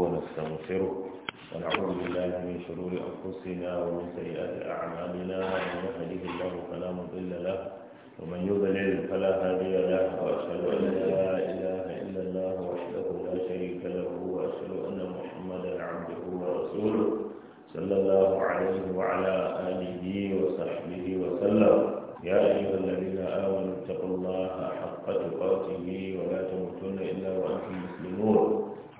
ونستغفره ونعوذ بالله من شرور أنفسنا ومن سيئات أعمالنا من يهده الله فلا مضل له ومن يضلل فلا هادي له وأشهد أن لا إله إلا الله وحده لا شريك له وأشهد أن محمدا عبده ورسوله صلى الله عليه وعلى آله وصحبه وسلم يا أيها الذين آمنوا اتقوا الله حق تقاته ولا تموتن إلا وأنتم مسلمون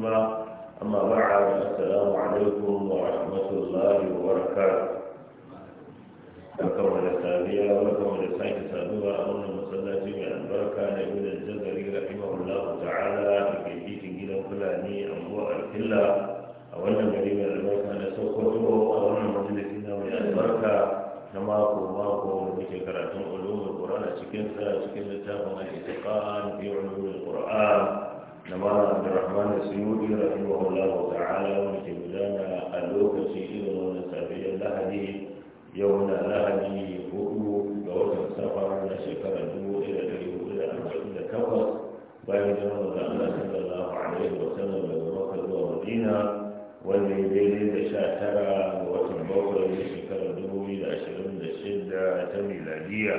ثم أما بعد السلام عليكم ورحمة الله وبركاته بكم الأسابيع بكم الأسابيع سابقا أولا مصلى جميعا بركة نبيل الجزري رحمه الله تعالى في بيت جيدا فلاني أبو الكلا أولا مريم الملكة نسوكته أولا مجلسنا من البركة كما قول ما قول بشكرة علوم القرآن شكرا شكرا شكرا شكرا شكرا شكرا شكرا شكرا شكرا نمال عبد الرحمن السيوطي رحمه الله تعالى ومتملانا اللوكسي إذن ونسابيا لهدي يومنا لهدي هدو لوكا سفر نشكر الدمو إلى اليوم إلى أربعين كفر bayan jiran da Allah sallallahu alaihi wa sallam daga Makka zuwa Madina wanda ya daidai da sha tara ga watan bakwai na shekarar dubu biyu da ashirin da shida ta miladiya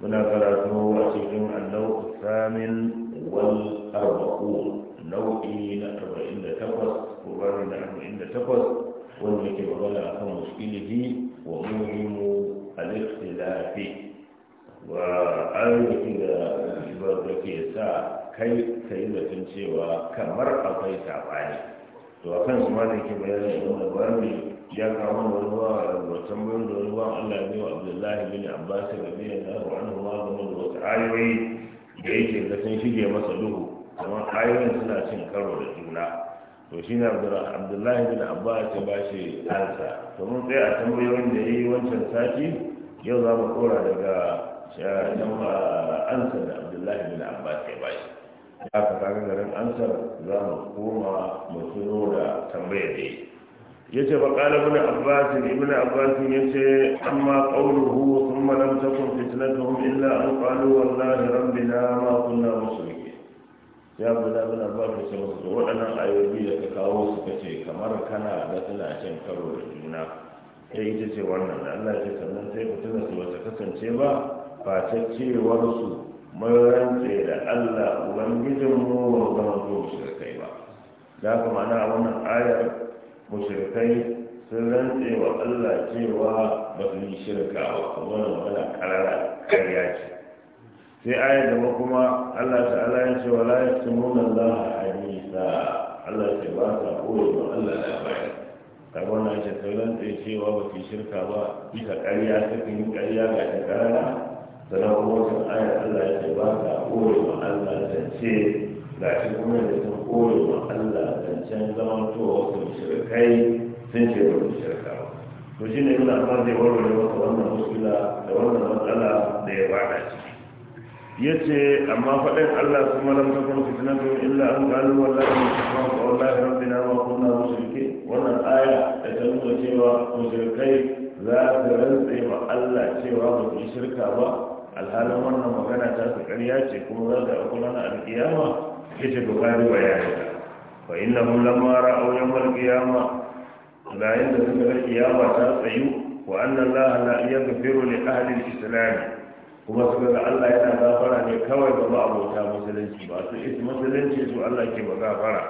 muna karatu a cikin annabi الثامن والأربعون نوعي أربعين تقص قرآن أربعين تقص والذي وغلا أخم مشكله ومهم الاختلاف وعلى كده برضك يسا kai ka yi zaton cewa kamar akwai saɓani to a kan su ke da ya kawo da ruwa a wancan bayan da wani Allah ne biyo Abdullahi bin Abbas da biyan da wani wa da wasu ayoyi da yake da sun shige masa duhu kamar ayoyin suna cin karo da juna to shi ne abdullahi bin abbas ya bashi alsa ansa to mun tsaya a tambayoyin da ya yi wancan sati yau za mu kora daga eh, ansa da abdullahi bin abbas ya bashi shi aka kaga garin ansar za mu koma mu tuno da tambayar da yi yace fa qala ibn abbas ibn abbas yace amma qawluhu thumma lam takun fitnatuhum illa an qalu wallahi rabbina ma kunna mushrikin ya bada ibn abbas yace da waɗannan ayoyi da ka kawo su ka ce kamar kana da suna cin karo da juna sai ita ce wannan da Allah ce sannan sai fitina su ta kasance ba face cewar su marance da Allah ubangijinmu ba zama zo shirkai ba da haka ma'ana wannan ayar mushrikai sun rantse wa Allah cewa ba su yi shirka ba kuma wannan karara karya ce sai ayar gaba kuma Allah ta'ala ya ce wala yasmuna Allah hadisa Allah ce ba ta koyi ma Allah labari kaga wannan ce sun rantse cewa ba su yi shirka ba bisa karya ta yi karya ga ta karara sannan kuma wata ayar Allah ya ce ba ta koyi ba Allah ta ce ga shi kuma da kore wa Allah zancen zamantowa wasu shirkai sun ce wa shirka to shi ne yana ba zai warware masa wannan musula da wannan matsala da ya bada ciki ya ce amma faɗin Allah su malam ta kuma fitnatu illa an kalu wallahi mu shafa wa wallahi na ma kuna musulki wannan aya da ta nuna cewa musulkai za su rantse wa Allah cewa ba su shirka ba alhalin wannan magana ta su ƙarya ce kuma za ta akwai ranar alƙiyama yace to kai bayani fa mun lamma ra'aw yawm al-qiyamah la yanda suka kiyama ta tsayu wa anna Allah la yaghfiru li ahli al-islam kuma suka ga Allah yana gafara ne kawai ga abota musulunci ba su is musulunci su Allah ke ba gafara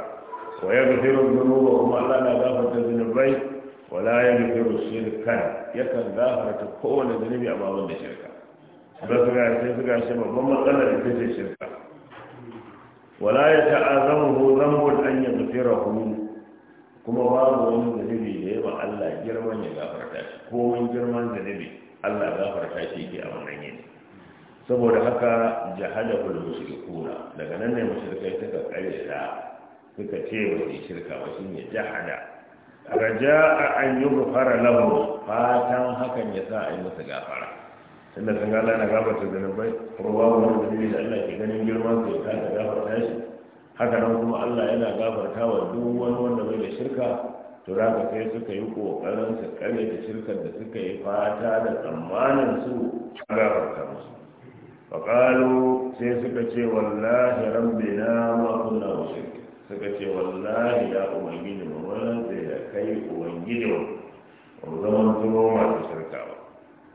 wa yaghfiru dhunuba kuma Allah na gafarta zunubai wala yaghfiru shirkan yakan gafarta kowane zunubi a babun da shirka sai suka sai suka shi babban matsalar ita ce shirka wala ya ta'azamuhu zambun an yaghfirahu kuma babu wani zanibi da yawa Allah girman ya gafarta shi ko wani girman zanibi Allah gafarta shi yake a wannan yini saboda haka jahadahul mushrikuna daga nan ne mushrikai suka ta, suka ce ba su shirka ba shine jahada raja'a an yughfara lahu fatan hakan ya sa a yi masa gafara tunda kan gala na gafarta zunubai ruwa wani zunubi da Allah ke ganin girman su ta ka gafarta shi haka nan kuma Allah yana gafarta wa duk wani wanda bai da shirka to za ka kai suka yi kokarin su kare da shirkar da suka yi fata da tsammanin su gafarta musu faƙalu sai suka ce wallahi rabbina ma kunna mushrik suka ce wallahi ya ubangiji mu wannan sai da kai ubangiji mu zama tuno masu shirka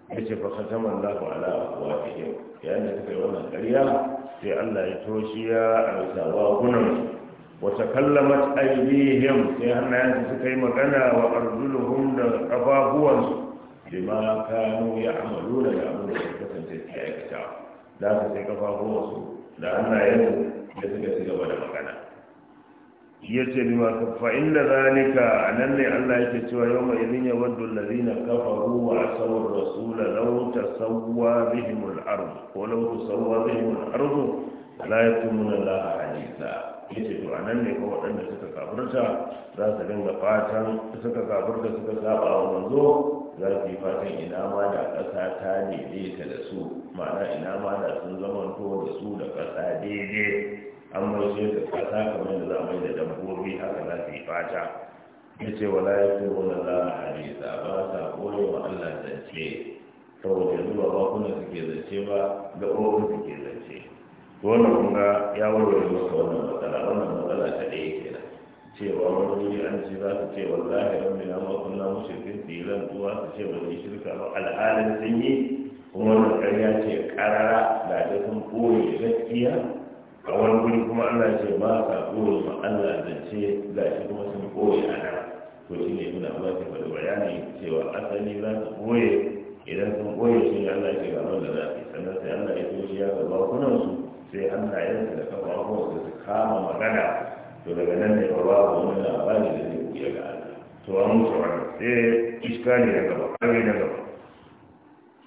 ya ce fa za ku ala afwahihim yayin da suka yi wannan ƙarya sai Allah ya toshiya alsawa gunan wa kallamat aydihim sai hannayensu su suka yi magana wa arjuluhum da kafafuwan su ya kanu ya'maluna da abin da suka kasance su aikata za su sai kafafuwansu da hannayensu su da suka ci gaba da magana ya ce bi ma fa inda zalika anan ne Allah yake cewa yau mai idin ya waddu allazina kafaru wa asawar rasula law tasawwa bihim al-ard ko law tasawwa bihim al-ard la yakunu la haditha yace to anan ne ko wadanda suka kafirta za su dinga fatan suka kafirta suka saba wa manzo za su yi fatan ina ma da ƙasa ta daidaita da su ma'ana ina ma da sun zamanto da su da ƙasa daidai an maishe da kasa kamar da za a da dabbobi haka za su yi fata ya ce wa la ya wani za a hadisa ba sa koyo wa Allah zance saboda yanzu ba bakuna suke zance ba da ƙofin suke zance wannan kun ya warware masa wannan matsala wannan matsala ta ɗaya kenan cewa wani an ce za su ce wallahi rabbi na ma kunna mushrikin su yi su ce ba shirka ba al'adar sun yi kuma wani ƙarya ce ƙarara da ta sun ɓoye gaskiya a wani guri kuma Allah ce ba ka koyi ma Allah zance da shi kuma sun koyi a nan to shi ne suna ba ta faɗi bayani cewa asali za su koye idan sun koye shi ne Allah ce ga wanda za su yi sannan sai Allah ya toshe ya ga su sai su da kafafuwansu su kama magana to daga nan ne ba babu wani labari da zai buya ga Allah to an mutu wani sai iska na gaba kare na gaba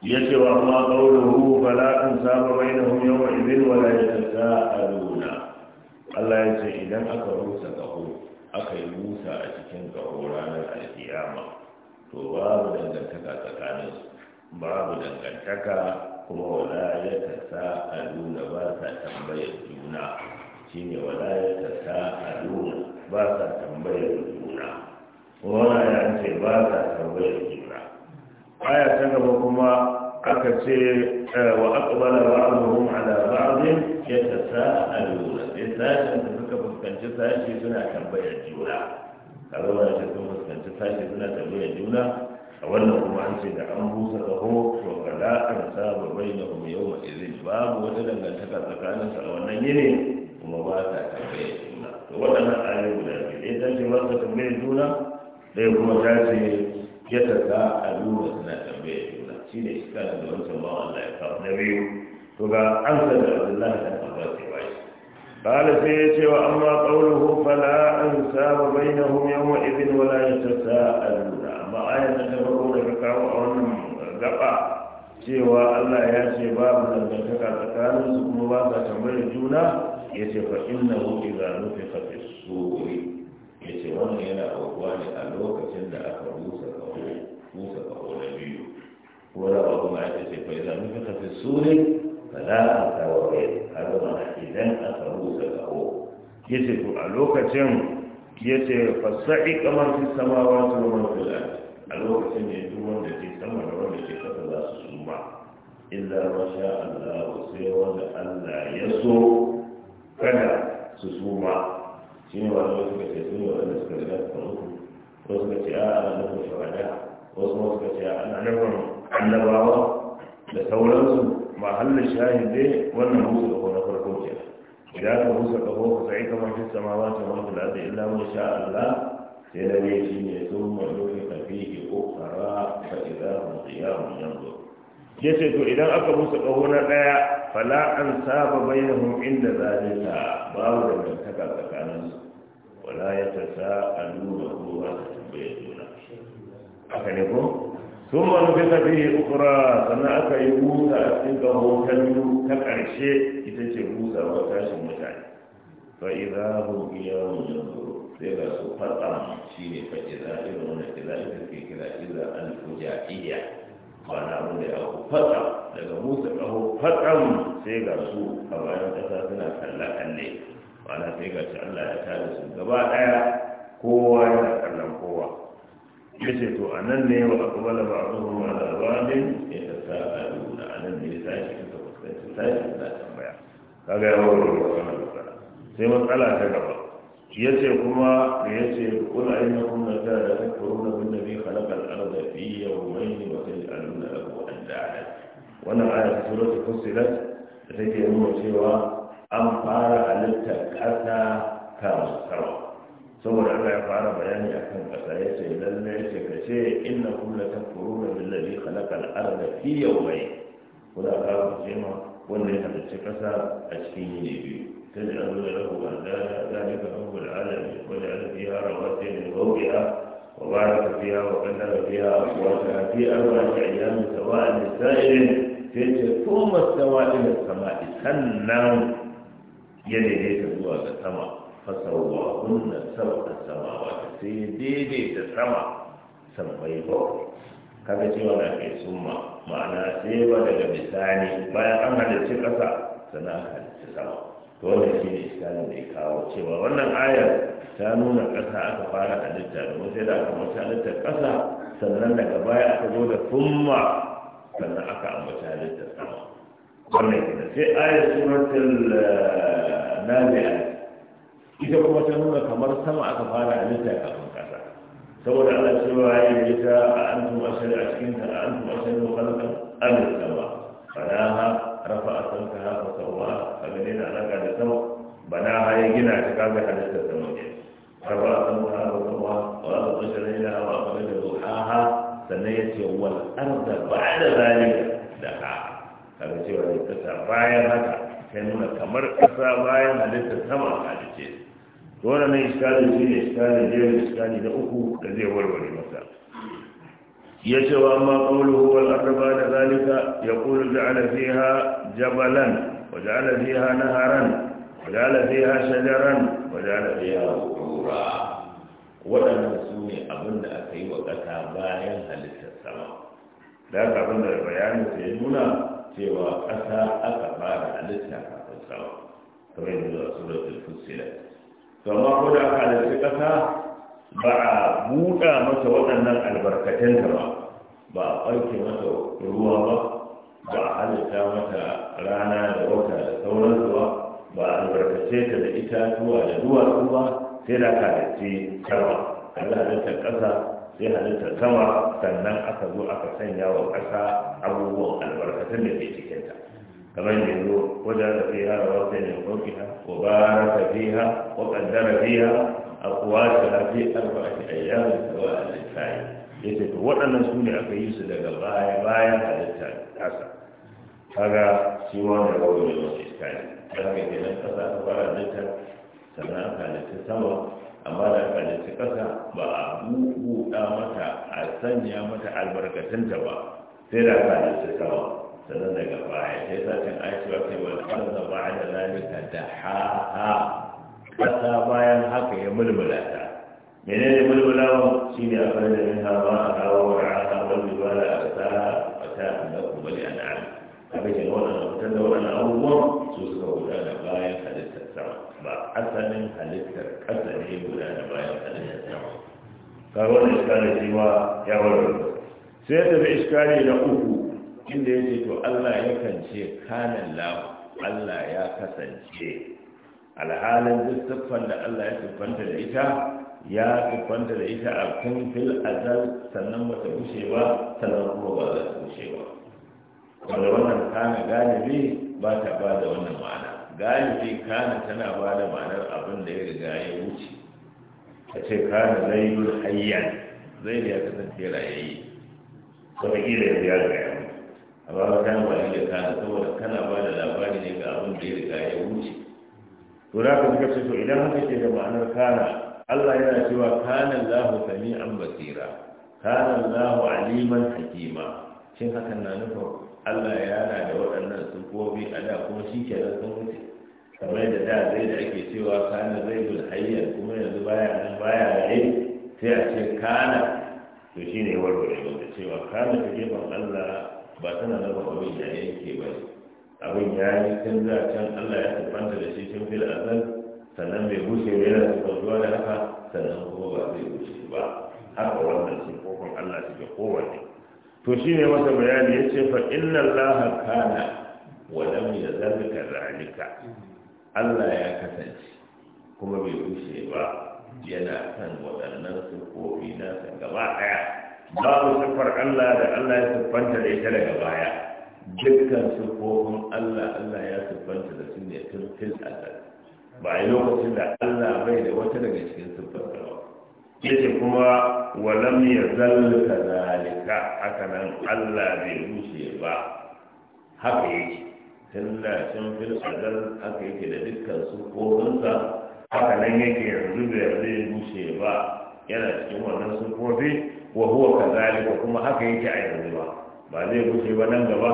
yace wa amma qawluhu fala insaba bainahum yawma idhin wa la yatasaaluna Allah ya ce idan aka rusa gaho aka yi musa a cikin gaho ranar alkiyama to babu dangantaka tsakanin babu dangantaka kuma wala ya tasaaluna ba sa tambayar juna shine wala ya tasaaluna ba sa tambayar juna wala ya ce ba sa tambayar juna aya ta gaba kuma aka ce eh, wa ba aqbala ba'dhum ala a yatasaaluna sai sashin da suka fuskanci sashi suna tambayar juna kaga wannan shi sun fuskanci sashi suna tambayar juna a wannan kuma an ce da an busa kaho to kada an saba bai da kuma yau ma izin babu wata dangantaka tsakanin sa a wannan yini kuma ba ta tambayar juna to waɗannan ayoyi guda biyu ɗaya ta ce ba ta tambayar juna ɗaya kuma ta ce yadda za a nuna suna shi da wani sabon Allah ya fara na biyu to an san da Allah ya fara ce ba shi qala sai ya ce wa amma qawluhu fala ansa wa bainahum yawma idin wa la yatasaaluna amma ayat da ta da ka kawo a wannan gaba cewa Allah ya ce babu dangantaka tsakanin su kuma ba sa tambaya juna ya ce fa innahu idza nufiqa fis-suri ya ce wannan yana aukuwa ne a lokacin da aka rusa musa kaho na biyu wani abu ma ita ce faiza mun fi tafi sure za a kawo rai har ma idan aka musa kaho ya ce to a lokacin ya ce fasa'i kamar fi samawa su wani filan a lokacin ne duk wanda ke sama da wanda ke kasa za su suma illa masha Allah sai wanda Allah ya kada su suma shi ne suka ce a wasu masu kace ana nufin annabawa da sauransu mahallin shahid dai wannan musu da na farko ke idan ka musu da ko sai kamar cikin samawa ta wanda da zai illa mu sha Allah sai da ne shi ne sun malufi kafihi ukara fa idan qiyamun yanzu yace to idan aka musu kaho na daya fala an saba bainahum inda zalika babu da dangantaka tsakaninsu wala yatasaalu wa huwa tambayatu aka ne ko sun ma nufi tafi ukura sannan aka yi busa a cikin kaho ta biyu ta ƙarshe ita ce busa wa tashin mutane fa'iza hun iya wannan sai ga su fata shi ne fa'iza iya wani iza ita ke kira iza al iya. ba na abin da ya hau fatsa daga musa kaho fata sai ga su a bayan ƙasa suna kalle-kalle ma'ana sai ga shi allah ya tada su gaba ɗaya kowa yana kallon kowa ya ce to a nan ne wa aqbala ba'dhum ala ba'din a nan ne ya sai suka fuskanci sai da tambaya kaga ya wuri wannan matsala sai matsala ta gaba ce kuma da yace qul innakum la ta'lamun bin nabi khalaqa al-ardha fi da wa taj'aluna lahu andada wannan aya ta suratul fussilat da take nuna cewa an fara halitta kasa ta sama saboda Allah ya fara bayani akan kasa ya ce lalle ya ce kace inna kullu takfuruna billazi khalaqal arda fi yawmayn kuna ka ma wanda ya halicci kasa a cikin yini biyu ne ne ba da da da ya ka ko تجعل له أندادا ذلك رب العالمين وجعل فيها رواسي من فوقها وبارك فيها وقدر فيها أقواتها في أربعة أيام سواء للسائل sai ce to masawa ila sama sannan ya daidaita zuwa ga sama fasawahunna sab'a samawati sai daidaita sama sammai bakwai kaga cewa na kai summa ma'ana sai ba daga bisani bayan an halarci ƙasa sannan an halarci sama to wannan shi ne iskalin da ya kawo cewa wannan ayar ta nuna ƙasa aka fara halitta da sai da aka mace halitta ƙasa sannan daga baya aka zo da summa sannan aka ambaci halitta sama wannan sai ayar suratul nazi'at ita kuma ta nuna kamar sama aka fara a kafin kasa saboda ana cewa ya yi ta a antum ashar a cikin ta a antum ashar da bana ha sama a rafa'a sankaha hafa sauwa a gane na alaka da sama ha ya gina ta kaga halitta sama ne rafa'a sankaha fa sawwa wa a kan da zo akhraja ha sannan ya ce ba da ba'da da ha kaga cewa ta kasa bayan haka sai nuna kamar kasa bayan halittar sama halitta to ne iskali shi ne iskali da yau iskali da uku da zai warware masa ya ce wa amma qawluhu wal arba da zalika ya yaqulu ja'ala fiha jabalan wa ja'ala fiha naharan wa ja'ala fiha shajaran wa ja'ala fiha qura wadannan su ne abin da aka yi wa kasa bayan halittar sama da ka abin da bayanin sai nuna cewa kasa aka fara halitta kafin sama kamar yadda suratul kama kuda ko da aka halarci ƙasa ba a buɗa masa waɗannan albarkatanta ba ba a ɓarke masa ruwa ba ba a halitta mata rana da wata da sauransu ba ba a albarkace ta da itatuwa da duwatsu ba sai da aka halarci sama Allah halittar ƙasa sai halittar sama sannan aka zo aka sanya wa ƙasa abubuwan albarkatun da ke cikinta كما يقول وجد فيها رواسي من وبارك فيها وقدر فيها أقواتها في أربعة أيام سواء للسائل يجب وأن نسوني أكيس لك الغاية غاية على التاسع هذا سوى الروي والاستكان لكن في نفسها فقال لك سماء كانت سوا أما لا كانت da ta kasa ba a البركة تنتبع a sanya mata sannan daga baya sai satin aisha ce da arda ba'da zalika dahaha kasa bayan haka ya mulmula ta menene mulmulawa ne a fara da min hawa a hawa wa ra'aka wal jibala aksaha fata da kubali an'am kaga ke wannan mutan da wannan abubuwan su suka gudana bayan halittar sama ba asalin halittar kasa ne gudana bayan halittar sama kaga wannan iskari shi ma ya warware sai da iskari na uku inda ya ce to Allah ya kance kanan lahu Allah ya kasance alhalin duk siffan da Allah ya siffanta da ita ya siffanta da ita a kan fil azal sannan ba ta bushe ba sannan kuma ba za ta bushe ba wanda wannan kana galibi ba ta ba da wannan ma'ana galibi kana tana ba da ma'anar abin da ya riga ya wuce A ce kana zaidul hayyan zaid ya kasance rayayye wataƙila ya riga ya amma ba kana ba da kana saboda kana ba da labari ne ga abin da ya riga ya wuce to da ka suka to idan haka ke da ma'anar kana Allah yana cewa kana sami an basira kana Allahu aliman hakima shin hakan na nufin Allah yana da waɗannan sufofi a da kuma shi ke da sun wuce kamar da da zai da ake cewa kana zai bil hayyan kuma yanzu baya nan baya raye sai a ce kana to shine warware wanda cewa kana ta ban Allah ba tana nan abin ya yake ba ne. abin ya yi tun da can Allah ya tafanta da shi tun fil azal sannan bai bushe ba yana tafantuwa da haka sannan kuma ba zai bushe ba haka wannan shi kofin Allah suke kowanne to shi ne masa bayani ya ce fa inna Allah kana wa lam yazal kadhalika Allah ya kasance kuma bai bushe ba yana kan waɗannan sufofi nasa gaba ɗaya babu siffar Allah da Allah ya siffanta da ita daga baya dukkan siffofin Allah Allah ya siffanta da su ne tun tun ba a lokacin da Allah bai da wata daga cikin siffar ba yace kuma walam zalluka zalika haka nan Allah bai rushe ba haka yake tun da sun fi azal haka yake da dukkan siffofinsa haka nan yake yanzu bai rushe ba yana cikin wannan sufofi wa huwa kazalika kuma haka yake a yanzu ba ba zai gushe ba nan gaba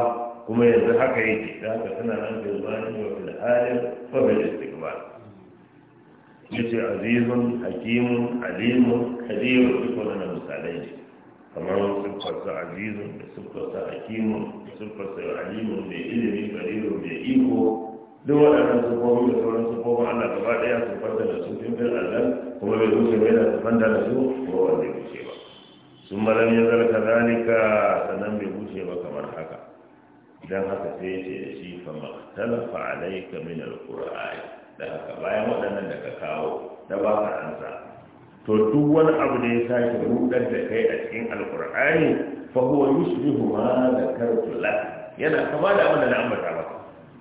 kuma yanzu haka yake da haka suna nan fil zani wa fil halin fa bil istiqbal yace azizun hakimun alimun kadir duka wannan misalai ne kamar siffarsa azizun da siffarsa hakimun da alimun mai ilimi kadirun mai iko duk waɗannan sufofi da sauran sufofin Allah gaba ɗaya su fanta da su cikin Allah kuma bai wuce bai da su fanta da su ko wanda ya wuce ba sun malam ya zarka zalika sannan bai wuce ba kamar haka idan haka sai ce da shi fa maktalafa alayka min alqur'ani da haka bayan waɗannan da ka kawo da ba ka ansa to duk wani abu da ya sake rudar da kai a cikin alqur'ani fa huwa yushbihu ma dhakartu lak yana kama da abin da na ambata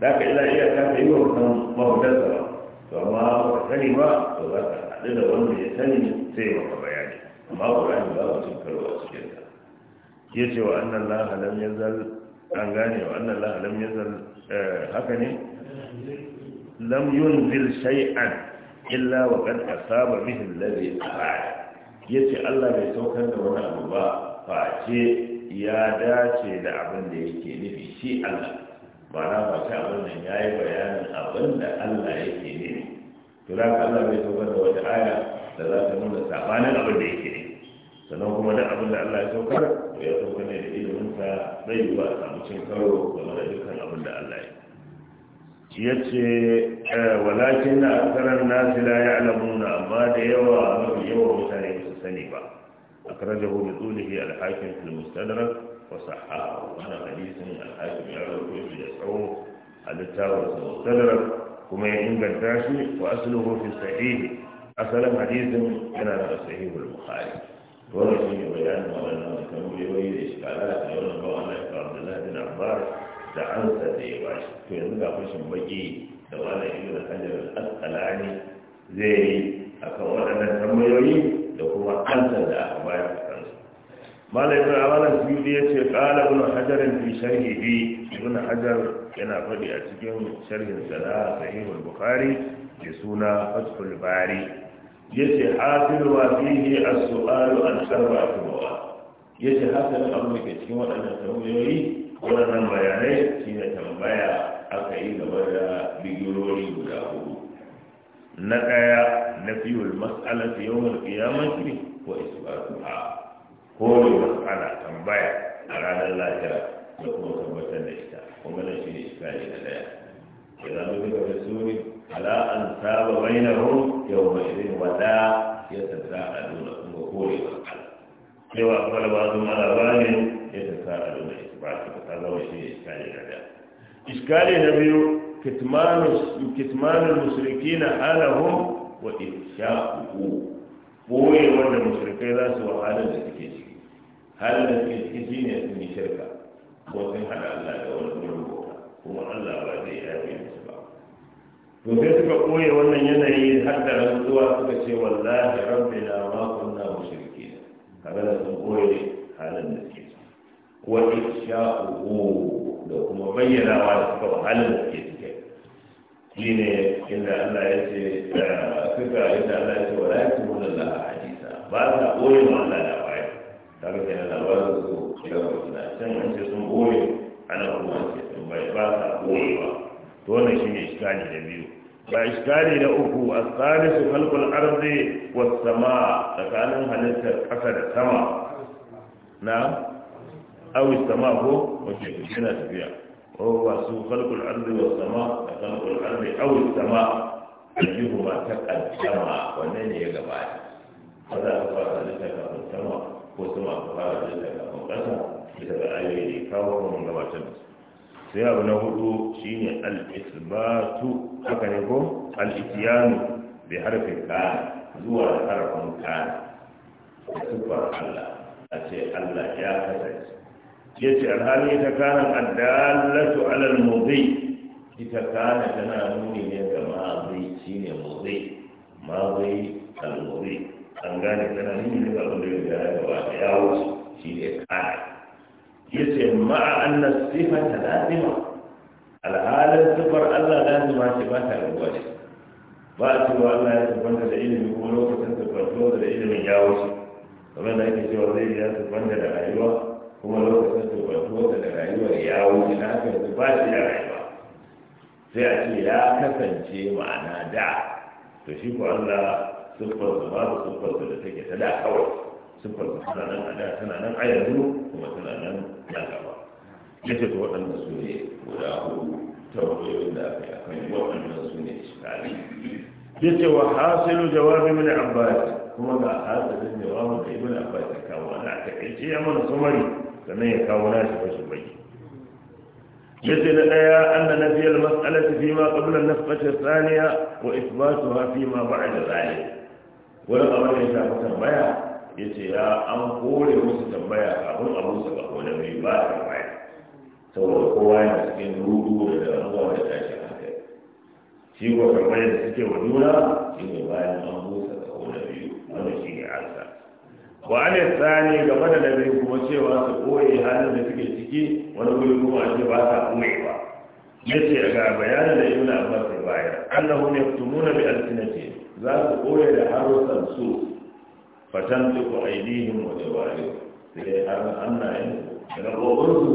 da ka ila iya ka yi wa wannan mahautarsa ba to amma ba sani ba to za ka haɗu da wanda ya sani sai maka bayani amma ƙur'ani ba a cin karo a cikin ta ya ce wa annan laha lam yazal an gane wa annan laha lam yazal eh, haka ne lam yunzil shay'an illa wa qad asaba bihi alladhi arada yace Allah bai saukar da wani abu ba face ya dace da abin da yake nufi shi Allah ma'ana ba ta abin nan ya yi bayanin abin da Allah yake ne to za ka Allah bai saukar da wata aya da za ta nuna sabanin abin da yake ne sannan kuma duk abin da Allah ya saukar to ya saukar ne da iliminsa zai yi ba a samu cin karo game da dukkan abin da Allah ya shi ya ce eh, walakin na akarar nasi la ya alamuna amma da yawa mafi yawa mutane ba su sani ba a karar jahobi tsulihi alhakin filmustadarar وصححه وانا حديث الحاكم يعرف في يسعوه التاور المستدرك كما ينقل تاشي واصله في الصحيح اصلا حديث كان صحيح البخاري ولا شيء بيان ولا كانوا يريد اشكالات يقول الله على عبد الله بن عباس da an sa da ya bashi to yanzu ga fashin baki da wani ibn hajar al-asqalani zai yi akan waɗannan tambayoyi da kuma ansar da aka bayar mala ibn amalan suyudi ya ce ƙala ibn hajarin fi sharhihi ibn hajar yana faɗi a cikin sharhin sana'a na sahihul bukhari da suna fathul bari ya ce hasil wa fihi a sualu an a mawa ya ce hasalin abin da ke cikin waɗannan tambayoyi waɗannan bayanai ya tambaya ka yi gaba da bigirori guda hudu na ɗaya na fiyul mas'alati yawmal qiyamati wa isbatuha kore matsala tambaya a ranar lahira da kuma tabbatar da ita kuma da shi ne iskari na daya ya zama duka da suri ala an saba bayyana hu yau mai irin wada ya tasa a nuna kuma kore matsala cewa akwai ba su mara bane ya tasa a nuna isbati ba ta zama shi ne iskari na daya iskari na biyu kitmanul musrikina alahum wa ifsha'uhu boye wanda mushrikai za su wahalar da suke ciki halin da suke ciki shi ne sun yi shirka ko sun haɗa Allah wani wurin bauta kuma Allah ba zai yafe musu ba to sai suka koya wannan yanayi har da rantsuwa suka ce wallahi rabbina ma kunna mushrikeen kaga da sun koya halin da suke ciki wa isha'u da kuma bayyanawa da suka halin da suke ciki shine inda Allah ya ce suka inda Allah ya ce wala yakunu lillahi hadisa ba ta koyi ma Allah da kaga kenan labarin su shiga na can an ce sun boye ana kuma an ce sun bai ba sa boyewa to wannan shine iskali da biyu ba iskali da uku as-salisu khalqul ardi was samaa tsakanin halittar ƙasa da sama na awi sama ko wace yana tafiya ko ba su khalqul ardi was samaa da khalqul ardi awi sama ayyuhuma taqaddama wannan ne ya gabata kada ka fara halittar sama ko sama ka fara da daga kan ƙasa bisa ga ayoyi da kawo kuma gabatar da su sai abu na hudu shine al-isbatu haka ne ko al-ityanu bi harfin ka zuwa da harfin ka da Allah a ce Allah ya kasance Ya ce alhali ta kanan addallatu alal al-mudhi ita kana tana nuni ne ga mazi shine mudhi mazi al-mudhi an gane kana yin da abin da ya gaya gaba ya wuce shi ne kana ya ce ma'a annas sifa ta lazima alhalin sifar Allah lazima ce ba ta rabuwa ce ba a cewa Allah ya tabbata da ilimi ko lokacin tabbatuwa da ilimin ya wuce kamar da ake cewa zai ya tabbata da rayuwa kuma lokacin tabbatuwa da rayuwa, ya wuce na haka yanzu ba shi da rayuwa sai a ce ya kasance ma'ana da to shi ko Allah siffar su babu siffar su da take ta da kawai siffar su tana nan a da tana nan a yanzu kuma tana nan nan gaba ya ce waɗanda su ne guda hudu tambayoyin da aka yi akan waɗannan su ne shikali ya ce wa hasilu jawabi min abbas kuma ga hasilu jawabi da ibn abbas ya kawo na a kai ya mana sumari sannan ya kawo na shi bashi bai ya ce na ɗaya an da nafiyar mas'alati fi ma qabla an-nafqati thaniya wa ithbatuha fi ma ba'da zalik Wani abin da ya shafi tambaya ya ce ya an kore musu tambaya kafin a musu ga kone mai ba a tambaya saboda kowa yana cikin rudu da damuwa da tashin haka shi ko tambaya da suke wa juna shi ne bayan an musa ga kone biyu wani shi ne ba a ne tsani game da nabi kuma cewa su koye halin da suke ciki wani wuri kuma a ce ba sa ya ce ga bayanin da abin da ya bayar annahu tumuna bi alsinatihim za su ɓoye da harusan su fatan duku ainihin wa jawari sai har hannayen da rabobinsu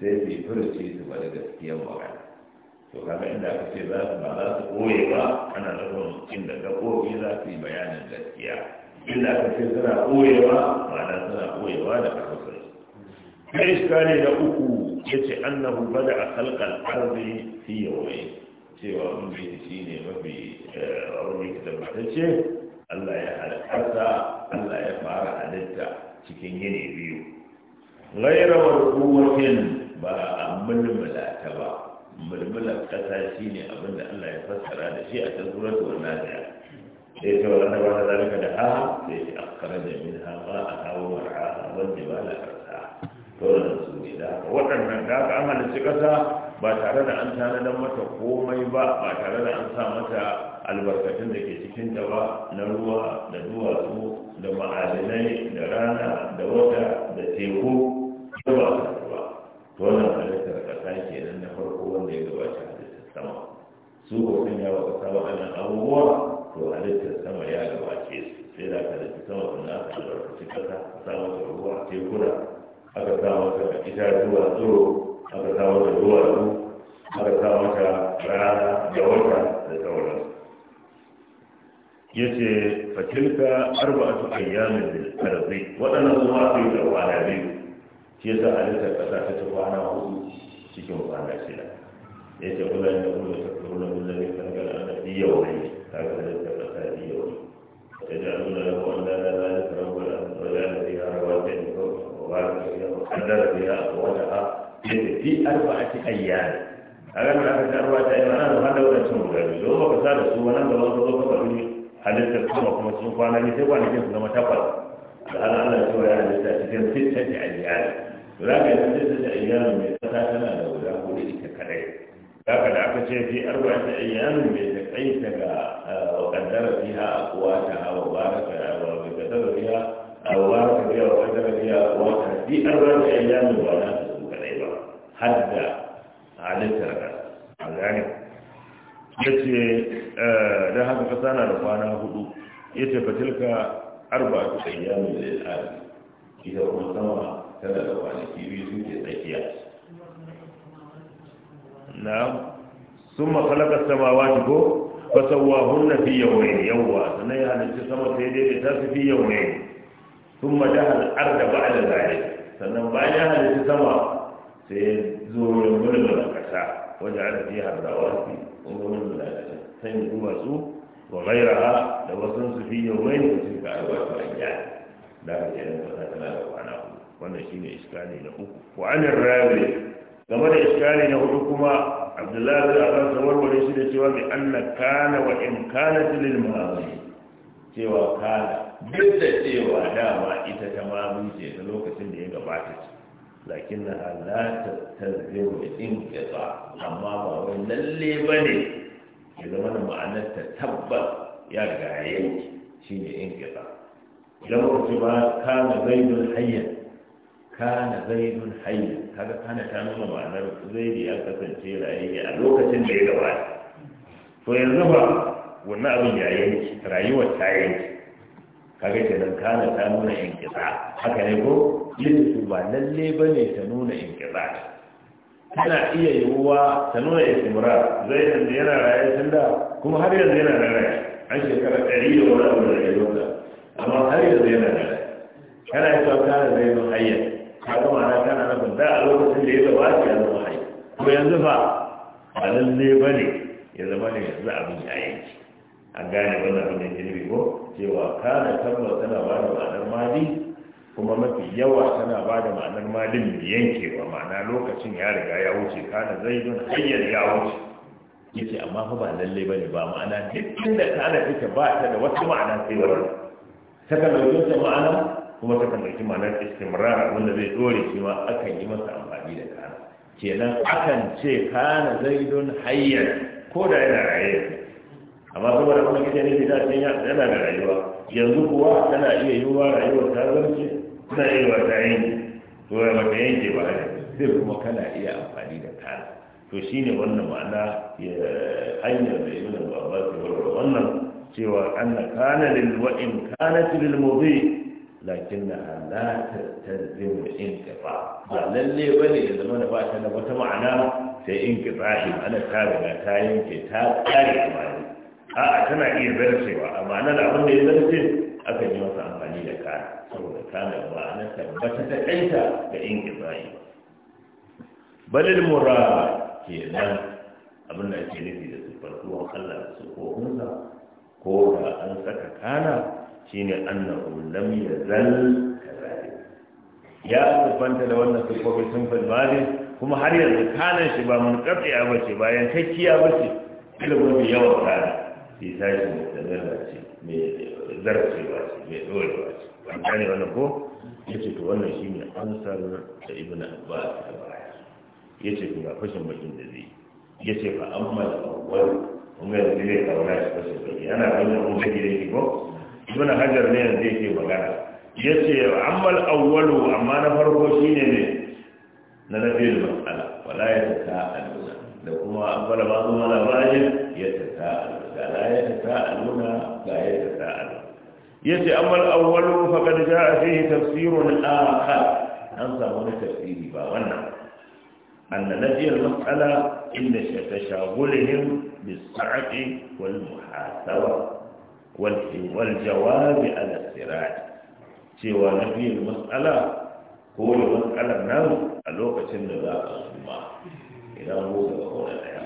sai su yi furci su ba da gaskiyar magana to kaga inda aka ce za su ba za su ɓoye ba ana nufin inda ƙoƙi za su yi bayanin gaskiya inda aka ce suna ba? ma'ana suna ba da harusan su kai iskali na uku ce annahu bada a arzi fiye wa yi cewa ubangiji shi ne mafi eh, abin da tabbatacce allah ya halittarsa allah ya fara halitta cikin yini biyu gaira warkuwakin ba a mulmula ta ba mulmula kasa shi ne abin da allah ya fassara da shi a tatturatu wannan da ليس ولا بعد ذلك دعاها لأخرج a ماءها ومرعاها والجبال أرسلها dole su ne da waɗannan da aka halicci ƙasa ba tare da an tanadar mata komai ba ba tare da an sa mata albarkatun da ke cikin ta ba na ruwa da duwatsu da ma'adinai da rana da wata da teku da ba su ba to na halittar ƙasa ke nan na farko wanda ya gabata halittar sama su ko sun yawa ƙasa waɗannan abubuwa to halittar sama ya gabace su sai da halittar sama sannan aka albarkaci ƙasa a sa mata ruwa tekuna aka sa mata itatuwa tsoro aka sa mata duwatsu aka sa mata rana da wata da sauransu ya ce fatilka arba'atu ayyamin da karfi waɗannan su ma su yi da kwana biyu shi ya sa halittar ƙasa ta ci kwana hudu cikin kwana shida ya ce kula ne kuma ta kuru na mulani kankan ana biya wani ta ga halittar ƙasa biya wani ta ji aluna da wanda na zai وقدر بها أولها في أربعة أيام هذا من أكثر أربعة أيام أنا هذا ولا سمو غيره لو ما كسر سوى أنا لو أنا لو كسر هل تكتم وكما سمو فأنا نسيب وأنا كنت لما تقل هذا أنا سوى أنا لساتين ستة أيام ولكن ستة أيام من تتاتنا لو لا أقول إيك كريم لكن أكثر في أربعة أيام من تقيتك وقدر فيها أقواتها وبارك وقدر فيها أو بارك فيها وقدر فيها أقواتها bi arba da ayyamin ba na su kadai ba har da halittar ka an gane ya ce don haka kasa na da kwana hudu ya ce fatilka arba da ayyamin da al'adu ita kuma sama tana da kwanaki biyu suke tsakiya na sun makalakar samawa ko فسواهن في يومين يوا سنيا نجي سما سيدي تاس في يومين ثم دها الأرض بعد ذلك sannan bayan ya halitta sama sai ya zo wurin mulmula kasa wajen ana fi harda wasu wurin mulmula kasa kuma su wa da wasu su fi yau wani da su ka aiwata a gida da aka ce nan kasa tana da kwana wannan shine iskali na uku Ku anin rabi game da iskali na hudu kuma abdullahi bin abbas warware shi da cewa bi anna kana wa in kana cewa kala duk da cewa dama ita ta mamu ce ta lokacin da ya gabata ce lakin na halatta ta zama in gaba amma ba wai lalle ba ne ya zama da ma'anar ta tabbas ya riga ya yanki shi ne in gaba idan mutum ba kana zaidun hayyan kana zaidun hayyan kaga kana ta nuna ma'anar zai da ya kasance rayayya a lokacin da ya gabata to yanzu ba wannan abin ya yanki rayuwar ta yanki kaga kenan kana ta nuna inkiza haka ne ko littu ba lalle bane ta nuna inkiza tana iya yiwuwa ta nuna istimra zai yanzu yana raye tun da kuma har yanzu yana raye an shekara ɗari da wani abu da rayuwarsa amma har yanzu yana raye kana yi sauka da zai zo hayyar ka ga ma'ana kana nufin da a lokacin da ya zama shi ya zama hayyar ko yanzu fa ba lalle bane ya zama ne yanzu abin ya yanki an gane wannan abin da ke nufi ko cewa kana tabbas tana ba da ma'anar mali kuma mafi yawa tana ba da ma'anar madin mai yankewa ma'ana lokacin ya riga ya wuce kana zaidun hayyar ya wuce ce amma fa ba lalle bane ba ma'ana duk inda kana take ba ta da wata ma'ana sai wannan ta kan dauki ma'ana kuma ta kan ma'anar istimrar wanda zai dore shi ma akan yi masa amfani da kana kenan akan ce kana zaidun hayyar ko da yana raye amma saboda kuma kike ne da can yana da rayuwa yanzu kuwa tana iya wa rayuwa ta zarce tana iya wa ta yanke to ya mata yanke ba ne sai kuma kana iya amfani da kala to shine wannan ma'ana hanyar da ibn abbas ya warware wannan cewa anna kana lil wa in Lakin na mudhi ta la tattazimu inqifa ba lalle bane da zama da ba ta da wata ma'ana sai inqifa ana ta riga ta yanke ta kare ma'ana a'a tana iya zarcewa amma nan abin da ya zarce aka yi masa amfani da kana saboda kana ba na bata ta kaita da in kizayi balil ke nan abin da ake nufi da sifartuwan Allah su ko hunza ko da an saka kana shine ne an na kazalik ya sufanta da wannan sifofi sun fadbali kuma har yanzu kanan shi ba mun kafiya bace bayan kakkiya bace ilimin yawan kana fi tashi mustamirra ce mai zarcewa ce mai ɗorewa ce an gane wannan ko ya ce to wannan shi ne ansar da ibn abbas da baya ya ce to ba fashin bakin da zai ya ce fa an mai awwal kun yanzu zai kawo nashi fashin baki yana ganin kun gani da yake ko ibn hajar ne yanzu yake magana ya ce ammal awwalu amma na farko shine ne na nafiyar mas'ala wala ya ta ta'aluna da kuma abbala ba su mana bajin ya ta ta'aluna لا يتساءلون لا يتساءلون يتي أما الأول فقد جاء فيه تفسير آخر أنت هنا تفسيري باغنا أن نجي المسألة إن تشاغلهم بالسعة والمحاسبة والجواب على السراج سوى نفي المسألة هو المسألة نعم الوقت النظام إذا هو هنا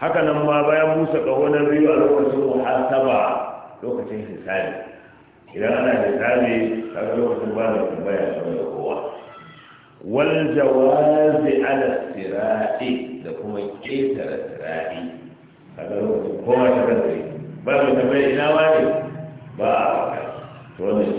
haka nan ma bayan busa kaho na biyu a lokacin muhasaba lokacin hisabi idan ana hisabi kaga lokacin ba da kuma ya game da kowa wal jawazi ala sira'i da kuma ketara sira'i kaga lokacin kowa ta kan ba mu tambaya ina wani ba a to wannan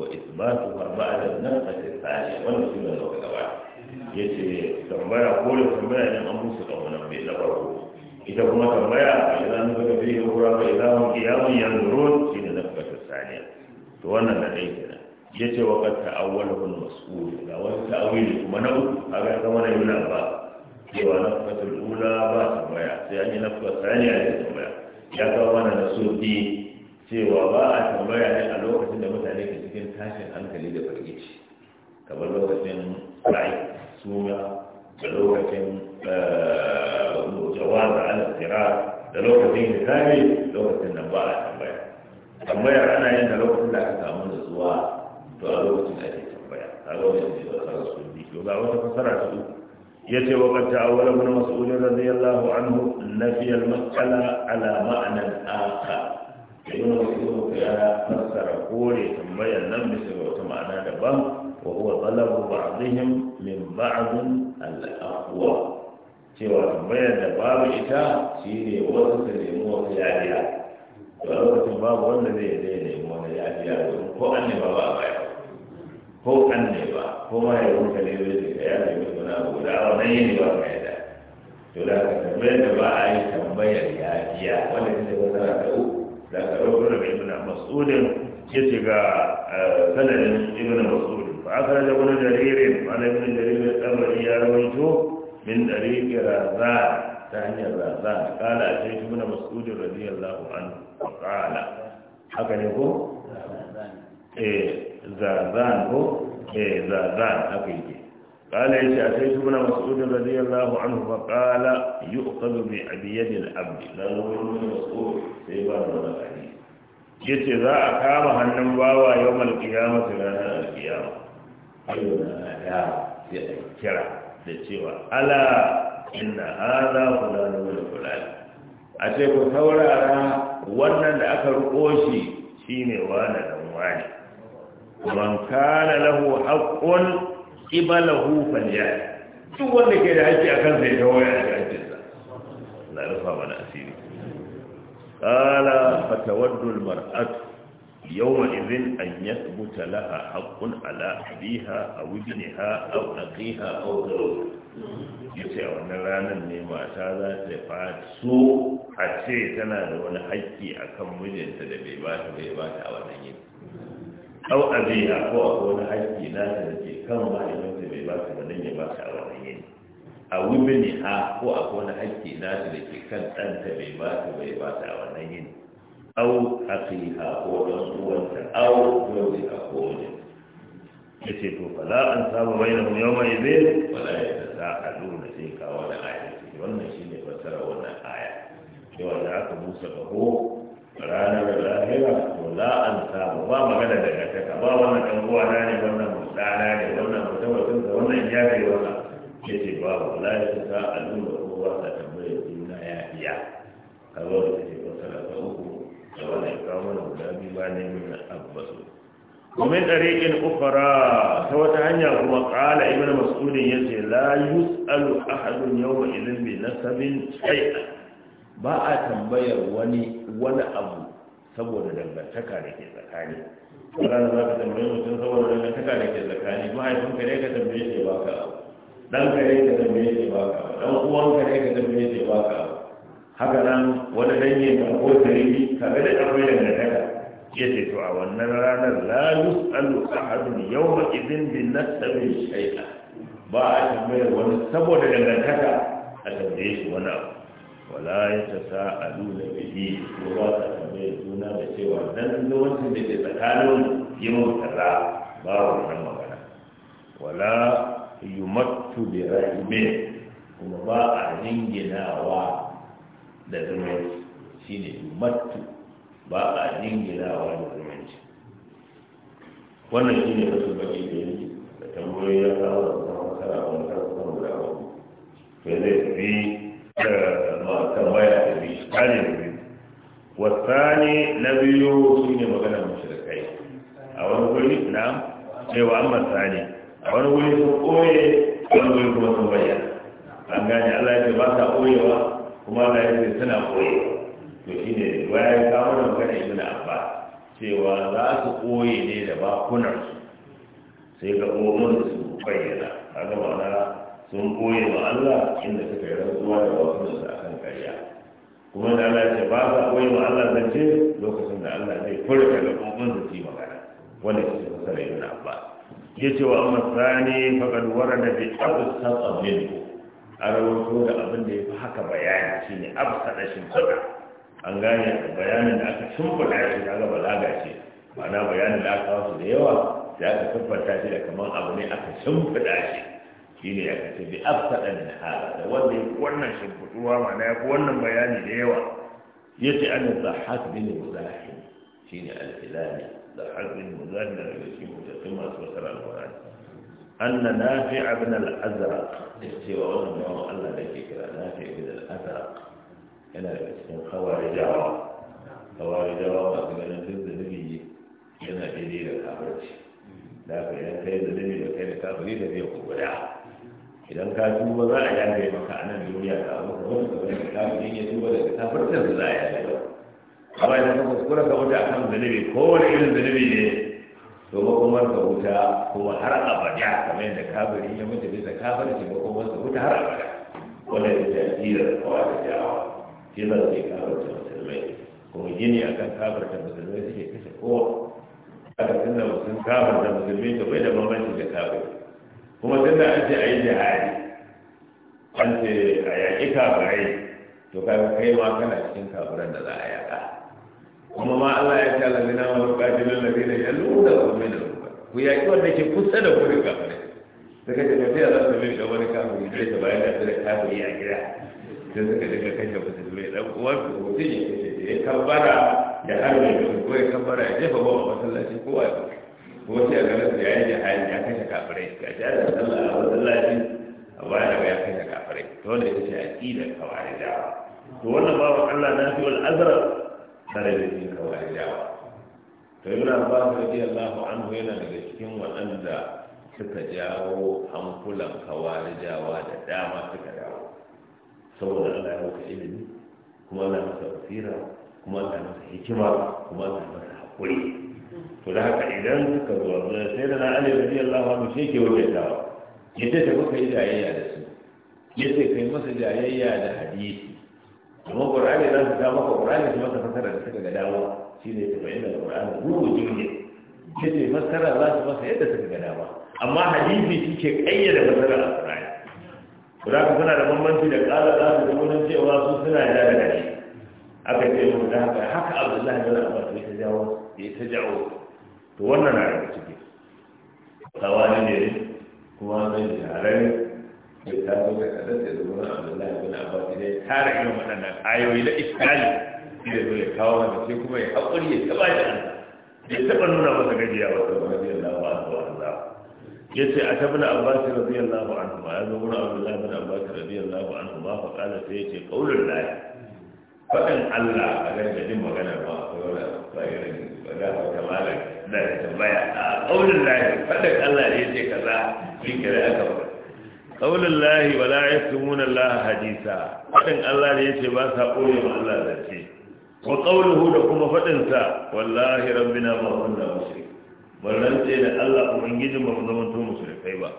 wa isbatu ma ba'da an-naqsi al-thani wa nusul al-qawa yace tambaya ko da tambaya ne an musu ka wannan bai da farko ita kuma tambaya idan mun ga bai hura ba idan mun ki yawo yanzurun shi ne nafsa al-thani to wannan da dai kenan yace wa qad ta'awwalahu al-mas'ul ga wani ta'awili kuma na uku kaga kuma na yuna ba cewa nafsa al-ula ba tambaya sai an yi nafsa al-thani ya tambaya ya ga wannan rasul din cewa ba a tambaya ne a lokacin da mutane ke cikin tashin hankali da firgici kamar lokacin rai suna da lokacin eh, jawar da alaƙira da lokacin hikari lokacin da ba a tambaya tambayar ana yin da lokacin da aka samu nutsuwa to a lokacin ake tambaya a lokacin da ba su bi to ga wata fasara ta uku yace wa qad ta'awwala ibn mas'ud radiyallahu anhu nafiya al-mas'ala ala ma'nan akhar ibn mas'ud ya fassara kore tambayar nan bisa ga wata ma'ana daban wa huwa talabu ba'dihim min ba'd al-aqwa cewa tambayar da babu ita shine wasu su nemi wasu yariya ba a lokacin babu wanda zai zai nemi wani yariya domin ko an ne ba ba a baya ko an ne ba ko ma ya wuce ne zai ga ya nemi wani guda da wannan yini ba mai da to da ka tambayar da ba a yi tambayar yariya wanda ita ta wata ta uku daga raukar da ibn mas'udin ya ce ga eh, sanadin ibn mas'udin fa aka da wani jaririn ana ibn jaririn tsabari ya rawaito min dariki raza ta hanyar raza kala a cikin ibn mas'udin radiyallahu anhu kala haka ne ko eh zazan ko eh zazan haka yake قال يا أتيت ابن مسعود رضي الله عنه فقال يؤخذ بيد العبد لا ابن مسعود سيبا من الحديث yace za a kama hannun bawa yau malkiyama su ranar alkiyama ayo na ya sai a kira da cewa ala inna hada fulani wani fulani a ce ku saurara wannan da aka riko shi shine wani dan wani man kana lahu qibalahu falya duk wanda ke da haƙƙi akan zai ya waya da haƙƙin Na rufa mana asiri qala fatawaddu almar'atu yawma idhin an yathbuta laha haqqun ala abiha aw ibniha aw aqiha aw Ya ce a wannan ranar ne mata za ta fa so a ce tana da wani haƙƙi akan mijinta da bai ba ta bai ba ta a wannan yin. au abiya ko a wani haƙƙi na ta da ke kan mahaifinta bai ba ka ba dan ya ba ka a wani yini a ne ha ko akwai wani haƙƙi na ta da ke kan ɗanta bai ba ka bai ba ka a wannan yini au aqiha ko dan uwanta au a ko wajin yace to ba an saba ta yawma idhin wala yatasaaluna sai kawo da aya wannan ne fasara wannan aya Yawan da aka busa ko ranar lahira to la samu ba magana da gataka ba wannan ɗan uwa na ne wannan musana ne wannan mutum da wannan ya ne wannan ke ce ba ba la ya ta al'umma kowa ta tambaye juna ya iya kaga wanda ke wata lafa uku da wannan kawo mana guda biyu ba ne min abbasu ومن طريق أخرى توتعني هو قال ابن مسعود يسي لا يسأل أحد يومئذ بنسب شيئا ba a tambayar wani wani abu saboda dangantaka da ke tsakani ranar za ka tambaye mutum saboda dangantaka da ke tsakani mahaifin ka ne ka tambaye ce ba ka dan ka ka tambaye ce ba ka dan uwan ka ka tambaye ce ba ka haka nan wani dangi ka ko tarihi ka ga da akwai dangantaka ya ce to a wannan ranar la yus'alu ahadun yawma idin bi nasabi shay'a ba a tambayar wani saboda dangantaka a tambaye shi wani abu wala ya ta sa a nuna bihi ko ba ta tambaye juna da cewa dan lokacin da ke tsakanin yi kaza ba wannan magana wala yumattu bi rahimi kuma ba a jinginawa da zumunci shi shine mattu ba a jinginawa da zumunci wannan shi ne wasu baki da yake da tambayoyi ya kawo da kuma masara a wani karfafan guda uku to zai fi tambaya da biyu kare da biyu wasani na shine shi ne magana mashirkai a wani guri na cewa an masani a wani guri sun koye wani guri kuma sun bayyana an gane allah ya ce ba ta koyewa kuma allah ya ce suna koyewa to shi ne ya kawo da magana ibn abbas cewa za su koye ne da su? sai ga ƙoƙon su bayyana a gaba na sun koye wa allah inda suka yi rantsuwa da bakunansu a kan kuma da Allah ce ba za a wa Allah zance lokacin da Allah zai furta ga kokon da ci magana wanda ke fasara ba Ya ce wa amma sani faqad warada bi absat minhu arawato da abin da ya fi haka bayani shine absat shin sada an gane bayanin da aka shimfiɗa shi daga balaga ce ma'ana bayanin da aka wasu da yawa da aka tabbata shi da kamar abu ne aka shimfiɗa shi shine ya kace bi abtadan nahara da wannan wannan shimfutuwa mana ya wannan bayani da yawa yace an dhahak bin muzahim shine al-hilali dhahak bin muzahim da shi mutakin masu wasar al-qur'ani anna nafi' ibn al-azraq yace wa wannan bawan Allah da yake kira nafi' ibn al-azraq yana da cikin khawarijawa khawarijawa ba ga nan duk da nabi yana daidai da kafirci da ka yan da nabi da kai da kafiri da idan ka tuba za a yaye maka a nan duniya ka abu ka wani kamar da ka mutum ya tuba daga kafartar da za a yaye ba amma idan ka kuskura ka wuta akan ko wani irin zanibi ne to kuma ka wuta kuma har abada kamar yadda kafirin ya mutu ce ba kuma ka wuta har abada wannan ya ta da kawa da jawa shi zan sai kafirta musulmai kuma gini akan kafirta musulmai suke kashe kowa aka tunda musulmai kafirta musulmai to bai da bambanci da kafar kuma tun an ce a yi jihari an ce a yaƙi kafirai to kai kai ma kana cikin kafiran da za a yaƙa kuma ma Allah ya ce Allah zina wani ƙatilun lafi da ya lura da kuma da ku yaƙi wanda ke kusa da wurin kafirai suka ce tafiya za su lulluɓe wani kafiri zai ta bayan da su da kafiri a gida sai suka daga kashe musulmai ɗan uwan su mutum ya kashe ya kabbara da harbe da ko ya kabbara ya jefa ba a masallaci kowa ya ko sai a yayin da yayi ya kashe kafirai ga shi da sallah a masallaci a baya daga ya kashe kafirai to wanda ita ce aqidar kawarijawa to wannan babu Allah na fi wal azra tare da cikin kawarijawa to ibn abbas radiyallahu anhu yana daga cikin waɗanda suka jawo hankulan kawarijawa da dama suka dawo saboda Allah ya maka ilimi kuma Allah masa basira kuma Allah masa hikima kuma Allah masa haƙuri to da haka idan suka zo sai da na ali radiyallahu anhu shi ke wajen dawa yadda da kuka yi jayayya da su yadda kai masa jayayya da hadisi amma qur'ani za su ga maka qur'ani su masa fasara da suka ga dama shine ta bayyana qur'ani ruhu jinni yadda fasara za su masa yadda suka ga dama amma hadisi shi ke kayyade fasara qur'ani to da suna da bambanci da kala za su zama nan cewa su suna da da aka ce mu da haka haka abdullahi bin abbas ya ta jawo ya ta jawo to wannan na daga ciki kawani ne kuma zai da yare ne ta zo da kada ta zo na abdullahi bin abbas ne tare irin waɗannan ayoyi da iskali shi da zai kawo mana sai kuma ya haƙuri ya taɓa shi an ya taɓa nuna masa gajiya ba ta zama jiya lawa an zuwa an zawa ya ce a tabbin abbas radiyallahu anhu ma ya zo wurin abdullahi bin abbas radiyallahu anhu ma fa kala sai ya ce qaulul lahi faɗin Allah a gargajin maganar ma akwai wani bayanin ba da haka malaka da tambaya a ƙaunin lahi faɗin Allah ne ce kaza shi kira aka ba ƙaunin lahi wala ya fi muna Allah hadisa faɗin Allah ne ce ba sa ƙoye ma Allah da ce wa ƙaunuhu da kuma faɗinsa wallahi rabbina ma hunna mushrik wannan ce da Allah ubangijin ba mu zama to mushrikai ba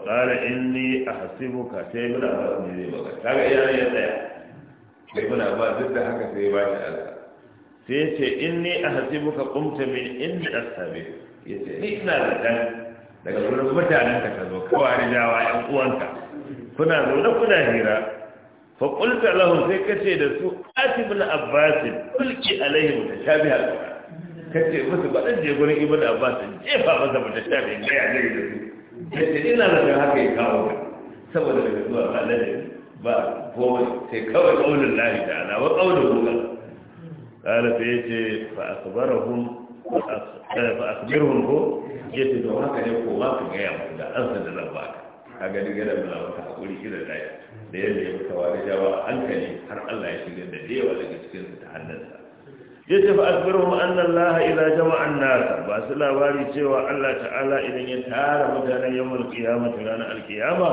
qala inni ahsibuka sai ibn abbas ne zai baka kaga iyayen ya tsaya ibn ba duk da haka sai ba shi Allah sai ya ce in ni a hasibuka kumta min inda asabe ya ce ni ina da dan daga gurin mutanen ka zo kawai jawa yan uwanka kuna zaune kuna hira fa qulta lahu sai kace da su atibul abbas kulki alaihi mutashabiha ce musu ba dan je gurin ibn abbas jefa masa mutashabiha ga ya ne da su ce ina da haka ya kawo saboda daga zuwa ba ladabi ba ko sai kawai kaulin lahi ta'ala wa kaulin Allah قال فأخبرهم فأخبرهم هو يقول wata hakuri da yadda ya fita wani jawa hankali har Allah ya shigar da daga cikin ta hannunsa ya ce fa asbiru mu anna Allah ila jama'a an-nas ba su labari cewa Allah ta'ala idan ya tara mutanen yawmul qiyamah ranar al-qiyama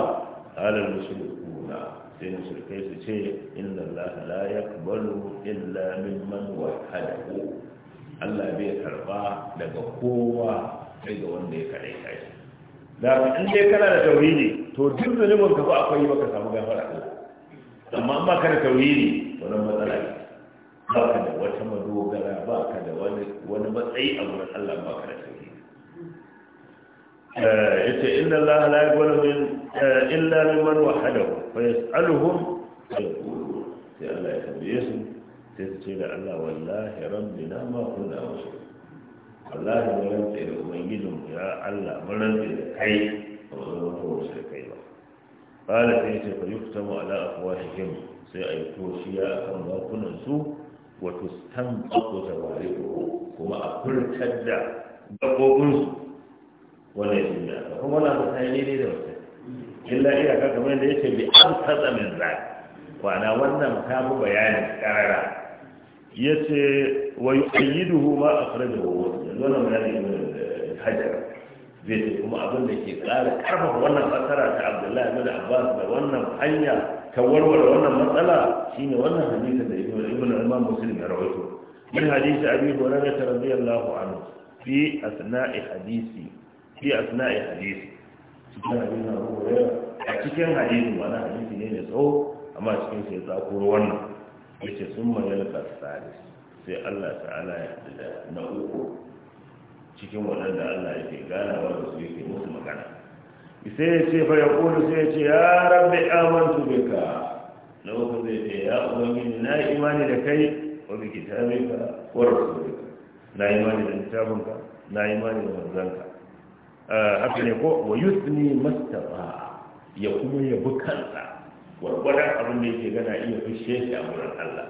sai musulkai su ce inna Allah la yaqbalu illa mimman wahadahu Allah bai karba daga kowa sai ga wanda ya kare kai da in dai kana da tauhidi to duk zalimin ka ba akwai baka samu gafara Allah amma in baka da tauhidi wannan matsala ne da wata madogara baka da wani matsayi a gurin Allah baka da tauhidi yace inna allaha la yaqbalu min illa liman wahadahu fa yas'aluhum sai Allah ya tambaye sai su ce da Allah wallahi rabbina ma kunna mushrikin wallahi mun rantsa da ubangijin ya Allah mun rantsa da kai ba mu rantsa kai ba qala sai ce fa yuftamu ala afwahihim sai ayi toshiya akan bakunan su wa tustanqu tawariquhu kuma a furtar da gabobinsu Wannan ya zuwa ka kuma wannan ba ta yi daidai da wata illa iya ka kamar da yake bi an tsatsa min za kwana wannan ta bi bayanin karara ya ce wa yi ayyiduhu ma a fara da wawo yanzu wannan bayanin hajar zai ce kuma abin da ke ƙara ƙarfafa wannan fassara ta abdullahi ibn abbas da wannan hanya ta warware wannan matsala shine wannan hadisin da ibn imam muslim ya rawaito min hadisi abi hurairah radiyallahu anhu fi asna'i hadisi fi asna'i hadisi cikin hadisi na a cikin hadisi wani hadisi ne mai tsawo amma cikin sai tsakuro wannan yace sun da salis sai Allah ta'ala ya da na uku cikin waɗanda Allah yake ganawa da su yake musu magana sai ya ce fa ya kulu sai ya ce ya rabbi amantu bika na uku zai ce ya ubangiji na imani da kai wa bi kitabika wa rasulika na imani da littafinka na imani da manzanka Eh, haka ne ko wa yusni mastaba ya kuma ya bi kansa gwargwadon abin da yake gana iya fushe shi a wurin Allah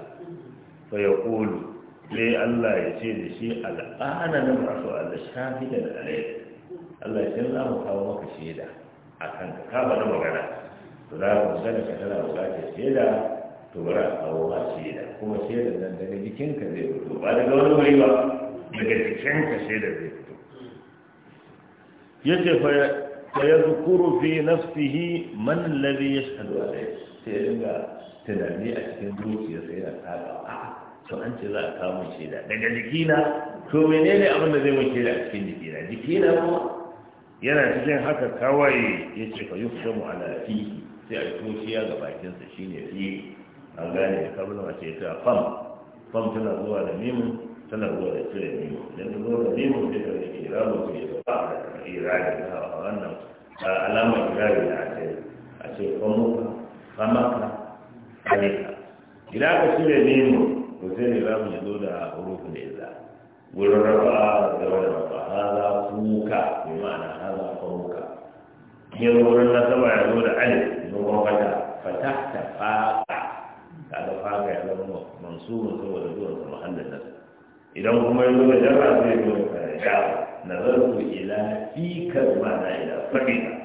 fa ya kulu sai Allah ya ce da shi al'ana na masu Allah shahidan alayhi Allah ya za mu kawo maka shaida a kan ka kaba na magana to za ka magana ka tana bukatar shaida to bara a kawo ma shaida kuma shaidan nan daga jikinka zai fito ba daga wani wuri ba daga jikinka shaida zai fito yace fa fayazkuru fi nafsihi man alladhi yashhadu alayhi sai dinga tunani a cikin zuciyarsa yana tsaka a to an ce za a kawo mun shaida daga jikina to menene abin da zai mun shaida a cikin jikina jikina kuma yana cikin haka kawai yace fa yuhsamu ala fihi sai a toshiya ga bakinsa shine fi an gane kabla wace ta fam fam tana zuwa da mimin tana zuwa da cire biyu idan ta zo da biyu sai ta rike irabu su ya ba a irabi na a wannan alama irabi da ake yi a ce kwamuka kamaka kalika idan aka cire biyu to sai irabu ya zo da hurufin izza wurin raba da wani raba haza kuka bi ma'ana haza kwamuka yin wurin sama ya zo da alif zuwa fata fata ta faka kaga faka ya zama mansubin saboda zuwan sa muhallin nasa idan kuma ya zo da jarra zai zo na nazartu ila karma na ila fadina to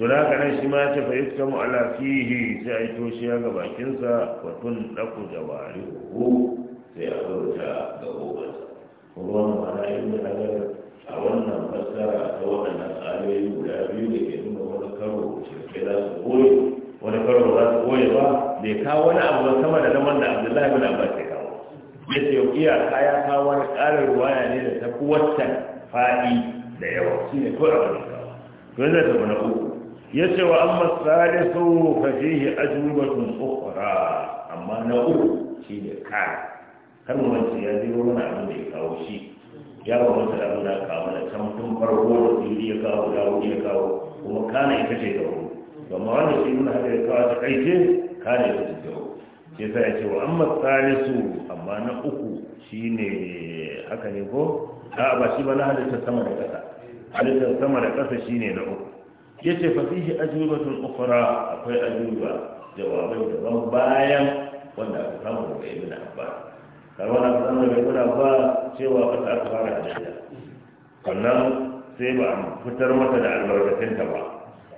Tuna haka shi ma ce fa yuska mu ala fihi sai a yi ya ga bakinsa wa tun ɗaku wari hu sai a rubuta ga gobansa kuma ma'ana yin da a wannan fassara ta waɗannan ayoyi guda biyu da ke nuna wani karo shirke za su koyi wani karo za su koyi ba bai kawo wani abu ba sama da zaman da abdullahi bin abbas ya ya ce iyaka ya kawo wani ƙarin ruwaya ne da ta fi wata faɗi da yawa shi ne kawai abin da kawo to yanzu da wani uku ya ce wa amma salisu fa fihi ajrubatun ukhra amma na uku shi ne kara kar mu wance ya zai wani abin da ya kawo shi ya ba wata da abin da aka kawo da can tun farko da tsiri ya kawo da wuri ya kawo kuma kana ita ce da wuri amma wanda shi nuna haka ya kawo ta kaice kana ita ce da wuri ya sa ya ce wa amma salisu amma na uku shine haka ne ko a ba shi ba na halittar sama da ƙasa halittar sama da ƙasa shine na uku ya ce fasihi ajubatun ukura akwai ajuba jawabai daban bayan wanda aka samu daga ibn abbas karwan aka samu bai ibn ba cewa ƙasa aka fara halitta sannan sai ba a fitar mata da albarkacinta ba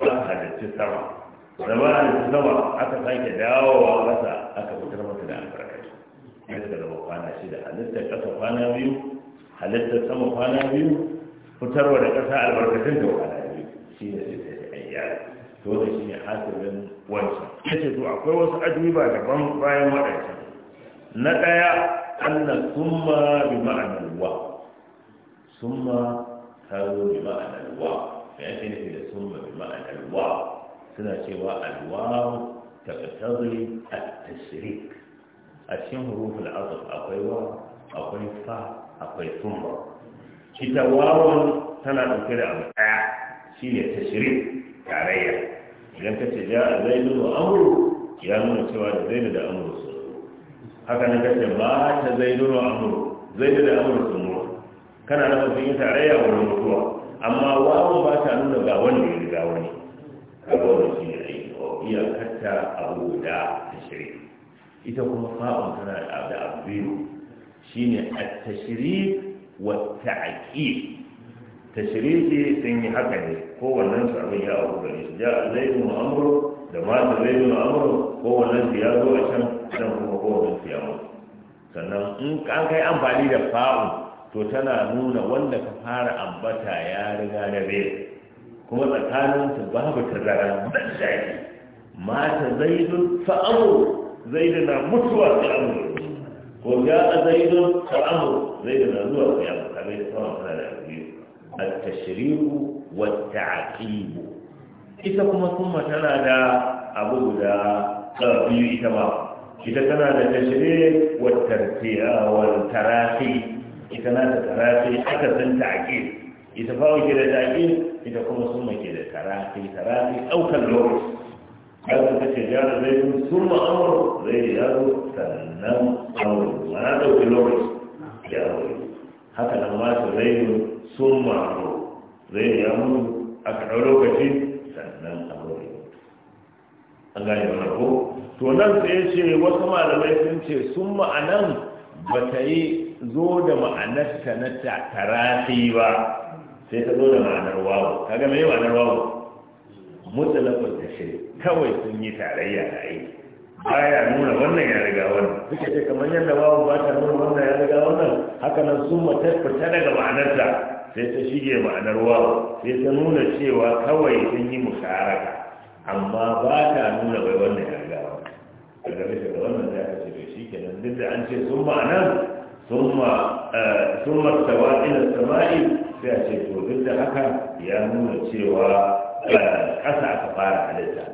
ba halittu sama zama da sama aka sake dawowa ƙasa aka fitar mata da albarkaci sai suka zama kwana shida halittar ƙasa kwana biyu halittar sama kwana biyu fitarwa da ƙasa albarkacin da kwana biyu shi ne sai sai an yara to da shi ne hasilin wancan ya ce to akwai wasu ajuba daban bayan waɗancan na ɗaya annan summa bi ma'anar wa summa ta zo bi ma'anar wa ya ce ne da summa bi ma'anar wa suna cewa alwaru ta katazuri a tasirik a cikin rufin azab akwai wa akwai fa akwai tumba ita wawon tana ɗauke da abu ɗaya shi ne tashirik tarayya idan ka ce ja a zaidu amuru ya nuna cewa da zaidu da amuru sun haka na kace ba ta zaidu wa amuru zaidu da amuru sun mu kana da mafi yi tarayya wurin mutuwa amma wawon ba ta nuna ga wani ya riga wani kaga shi ne aiki wa iyakarta abu guda ta ita kuma fa'un tana da abu abu biyu ne a tashri wa ta'qib tashri ce sun yi haka ne kowanne wannan su abin ya abu gare shi ja zaidu amru da ma da zaidu amru ko wannan ya zo a can dan kuma kowanne wannan ya mutu sannan in an kai amfani da fa'un to tana nuna wanda ka fara ambata ya riga da bai kuma tsakanin su babu tarara ban shayi mata zaidun fa amru zaidu na mutuwa sai amru ko ga zaidun fa amru zaidu na zuwa sai amru kamar da sauran suna da biyu at-tashriqu wat-ta'qib ita kuma kuma tana da abu guda biyu ita ma ita tana da tashire wa tarfiya wa tarafi ita na da tarafi aka san ta'qib ita fawo ke da daƙi ita kuma suna ke da karafi karafi ɗaukar lokaci har ta ce gyara zai yi summa amur zai yi yaro sannan amur mana ɗauki lokaci yaro haka nan ma zai yi summa amur zai yi yaro a kaɗau lokaci sannan amur an gane mana ko to nan sai ce wasu malamai sun ce sun ma'anan ba ta yi zo da ma'anarta na tarafi ba sai ta zo da ma'anar wawo kaga mai ma'anar wawo ta shi kawai sun yi tarayya da aiki baya nuna wannan ya riga wannan suke ce kamar yadda wawo ba ta nuna wannan ya riga wannan haka nan sun mata daga ma'anarta sai ta shige ma'anar wawo sai ta nuna cewa kawai sun yi musharaka amma ba ta nuna bai wannan ya riga wannan daga da wannan za ta ce shi kenan duk da an ce sun ma'anar sun ma ثم استوى ce السماء فيأتي ضد حكا يامون سوى حسع فقارة عليها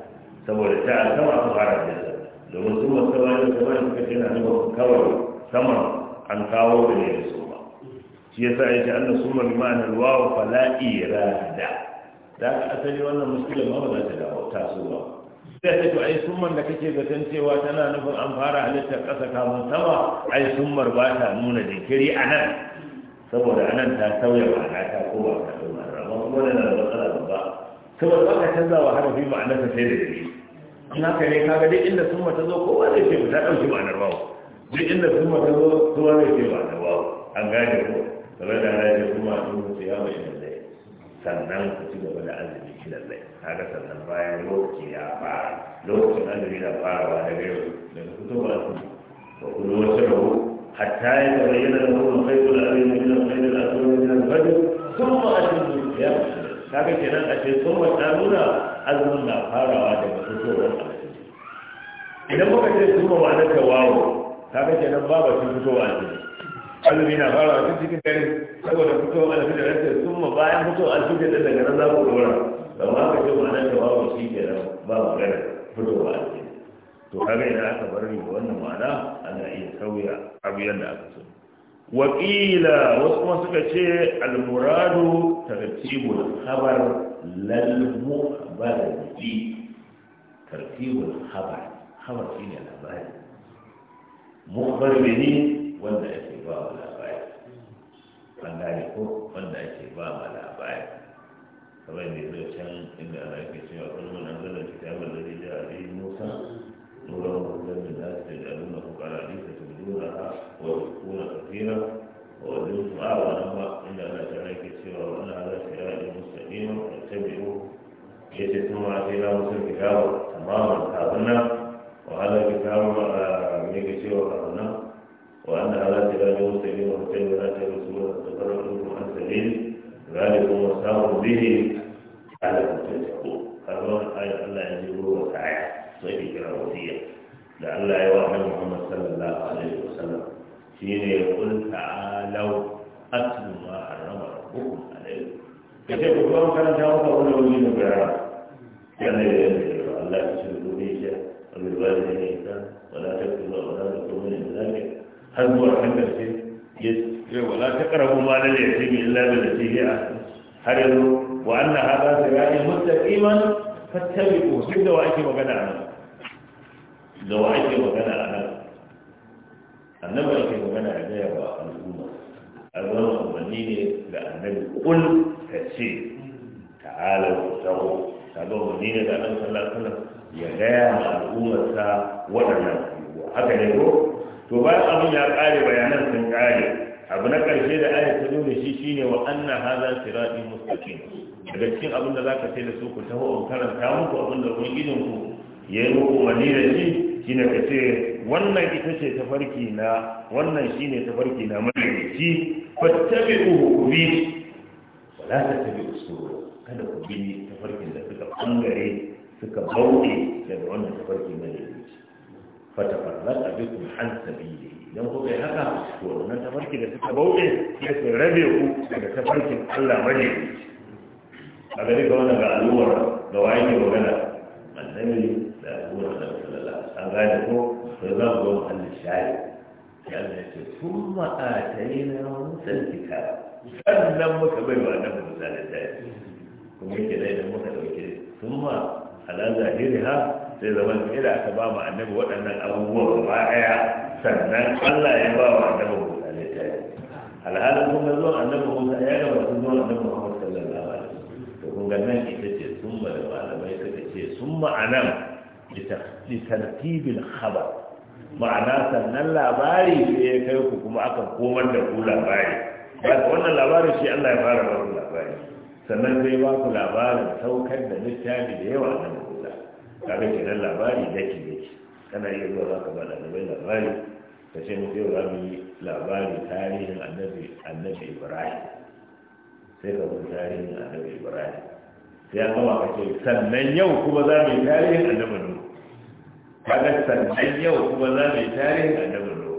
سوى لتاع سمع فقارة عليها domin sun masu wani da wani suka ce na nuna kawai an kawo da ne da suma shi yasa ya ce annan suma bi ma'anar wawa fala da asali wannan musulun ma ba za ta dawo ta sai ce to ai summar da kake zaton cewa tana nufin an fara halittar ƙasa kamun sama ai summar ba ta nuna jinkiri a nan saboda a nan ta sauya ma'ana ta ko ba ta sauya amma kuma da na da ba babba saboda ba ka canza wa harafi ma'anarsa sai da jiri an haka ne kaga duk inda summa ta zo kowa zai ce ta ɗauki ma'anar bawo duk inda summa ta zo kowa zai ce ma'anar bawo an gane ko kamar da na ce kuma a cikin ya mai sannan ku ci gaba da azumi lallai kaga sannan bayan lokaci ya fara lokacin azumi na farawa daga yau daga fitowa su wa kuma wasu rahu hatta ya bayyana da kuma kai kula da yin da kai da asiri da fadi kuma a cikin ya ga kenan a ce kuma wata nuna azumin na farawa daga fitowar azumi idan muka ce kuma wa na tawawo ga kenan babu fitowa azumi azumi na fara a cikin dare saboda fito a alfijir ake sun ma bayan fito a cikin ɗin daga nan za ku dora don haka ce ma'anar da babu shi ke nan ba magana fitowa a cikin to haka idan aka bar ni da wannan ma'ana ana iya sauya abu yadda aka so wakila wasu kuma suka ce almuradu tartibul khabar lal muhbari tartibul khabar khabar shine labari muhbar bihi wanda ake ba wa labari an gane ko wanda ake ba ma labari kamar yadda ya can inda ana yake cewa kullum an zana kitabar da rija a biyu musa nura wa kullum da nasu da jalun na fukara ne ta tumdura wa kuna kafira wa wajen su'a wa nan ba inda ana can yake cewa wani ala shira da mustaƙima da tabi'u ya ce sun ma sai na musul kitabar tamaman kafin nan wa ala kitabar a ne ke cewa kafin nan wa an da ala shira da mustaƙima da tabi'u na ta rasu da tafarraɗin kuma an sabili ذلكم وساهم به لعلكم تتقون هذا آية الله يجيبه وسعيه صحيح كلا وصية لعل يوحي آية محمد صلى الله عليه وسلم حين يقول تعالوا أتل ما حرم ربكم عليكم كيف الله كان جاوب أولا وجين بعام كان يقول الله يشرك به شيء وبالوالدين إحسان ولا تكتبوا أولادكم من ذلك هل هو حمل شيء؟ yau wala ta karabu ma da ya timi illa bil nasiha har yanzu wa anna hadha sirati muttaqiman fattabiqu duk da wa ake magana a nan da wa ake magana a nan annabi ake magana a gaya wa al'umma alwani umarni ne ga annabi kul ka ce ta'ala wa tsawo kaga umarni ne da annabi sallallahu alaihi ya gaya ma al'ummarsa waɗannan haka ne ko to bayan abin ya ƙare bayanan sun ƙare abu na karshe da ayat ta nuna shi shine wa anna hadha sirati mustaqim daga cikin abin da zaka ce da su ku taho an karanta muku abin da ubangijin ku ya yi muku wani da shi shine ka ce wannan ita ce tafarki na wannan shine tafarki na madaici fattabi'u bi wala tattabi'u sura kada ku bi tafarkin da suka bangare suka bauɗe daga wannan tafarki madaici فتفرق بكم عن سبيله لو هو هذا وأن تفرق إذا تتبوعه يتربيه إذا تفرق الله وجهه هذا لك وانا بألورة لو عيني وغنى النبي بألورة صلى الله عليه وسلم فذلك أن الشاعر كان ثم آتينا موسى الكتاب sannan muka bai wa annabi musa da kuma yake dai da muka dauke ثم على ظاهرها sai zaman sai da aka ba mu annabi waɗannan abubuwa ba ɗaya sannan Allah ya ba wa annabi Musa littafi alhalin kun ga zuwan annabi Musa ya ga masu zuwan annabi Muhammad sallallahu alaihi wasallam to kun ga nan ita ce summa da malamai suka ce sun anan litartibil khabar ma'ana sannan labari sai ya kai ku kuma aka komar da ku labari ba wannan labarin shi Allah ya fara ba ku labari sannan sai ba ku labarin saukar da littafi da yawa nan kaga kenan labari daki daki kana iya zuwa zaka ba ɗalibai labari ka ce mutu yau za yi labari tarihin annabi annabi ibrahim sai ka zuwa tarihin annabi ibrahim sai an gama ka ce sannan yau kuma za mu yi tarihin annabi nu kaga sannan yau kuma za mu yi tarihin annabi nu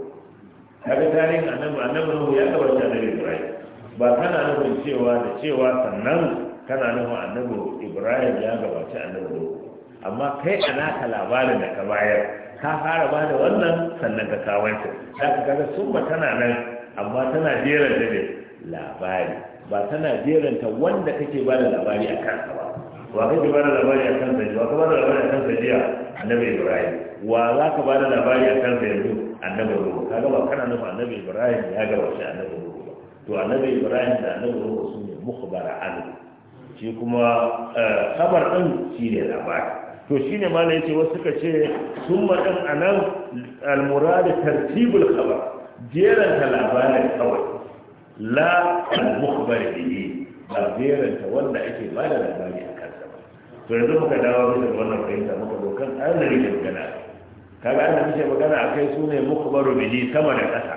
kaga tarihin annabi annabi nu ya gabata annabi ibrahim ba kana nufin cewa da cewa sannan kana nufin annabi ibrahim ya gabaci annabi nu amma kai a naka labarin da ka bayar ka fara ba da wannan sannan ka kawance za ka sun ba tana nan amma tana jeran da ne labari ba tana ta wanda kake ba da labari a kansa ba wa kake ba da labari a kansa wa ka ba da labari a kansa a annabi ibrahim wa za ka ba da labari a kansa yanzu annabi ruhu ka gaba kana nufa annabi ibrahim ya gaba shi annabi ruhu ba to annabi ibrahim da annabi ruhu su ne mukhbara an shi kuma eh, khabar din shi ne labari to shine malai yace wasu suka ce summa din anan al-murad tartibul khabar jeranta labarin kawai la al-mukhbar bihi ba jeranta wanda ake ba da labari a kansa ba to yanzu muka dawo bisa wannan fahimta muka zo kan annabi da magana kaga annabi ce magana akai sune mukhbaru bihi sama da kasa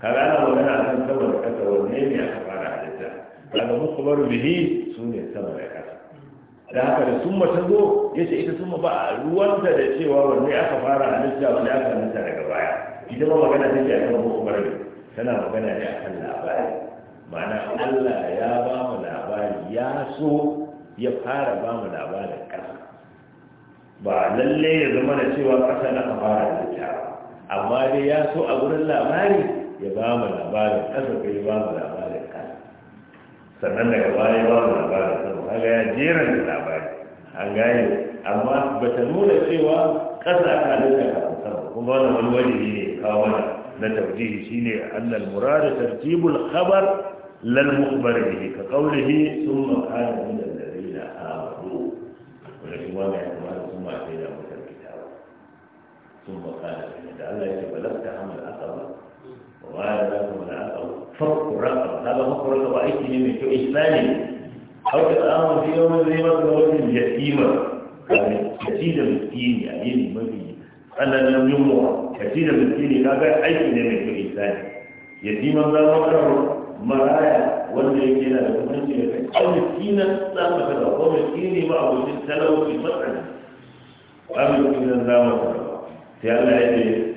kaga ana magana akan sama da kasa wanne ne aka fara halitta kaga mukhbaru bihi sune sama da da haka da summa ta zo ya ce ita summa ba a ruwanta da cewa wanne aka fara halitta wanne aka halitta daga baya ita ma magana ta ke a kan hukumar tana magana ne a kan labari ma'ana allah ya ba mu labari ya so ya fara ba mu labarin ƙasa ba lalle ya zama da cewa ƙasa na aka fara halitta amma dai ya so a gurin labari ya ba mu labarin ƙasa kai ba mu labarin sannan daga baya ba mu labarin sama kaga ya jeran da labari an gane amma ba ta nuna cewa ƙasa ta nuna kafin sama kuma wannan wani wajibi ne kawo mana na tawjihi shine annal muradu tartibul khabar lal mukhbar bihi ka qawlihi thumma kana min alladhina amanu wala shi wanda ya kuma thumma kana min alladhina amanu thumma kana min alladhina amanu Allah ya ce balagta hamal aqaba وهذا هو العقل فرق الرقبة هذا فرق الرقبة أي شيء من شيء إسلامي أو تتعامل في يوم زي ما تقول اليتيمة كثير مسكين يعني, يعني إيه ما في أنا لم يمر كثير مسكين هذا أي شيء من شيء إسلامي يتيمة لا مقر مرايا wanda yake yana da hukunci da kai kan miskinan za mu kada ko miskini ba abokin talauci matsayi ba miskinan za mu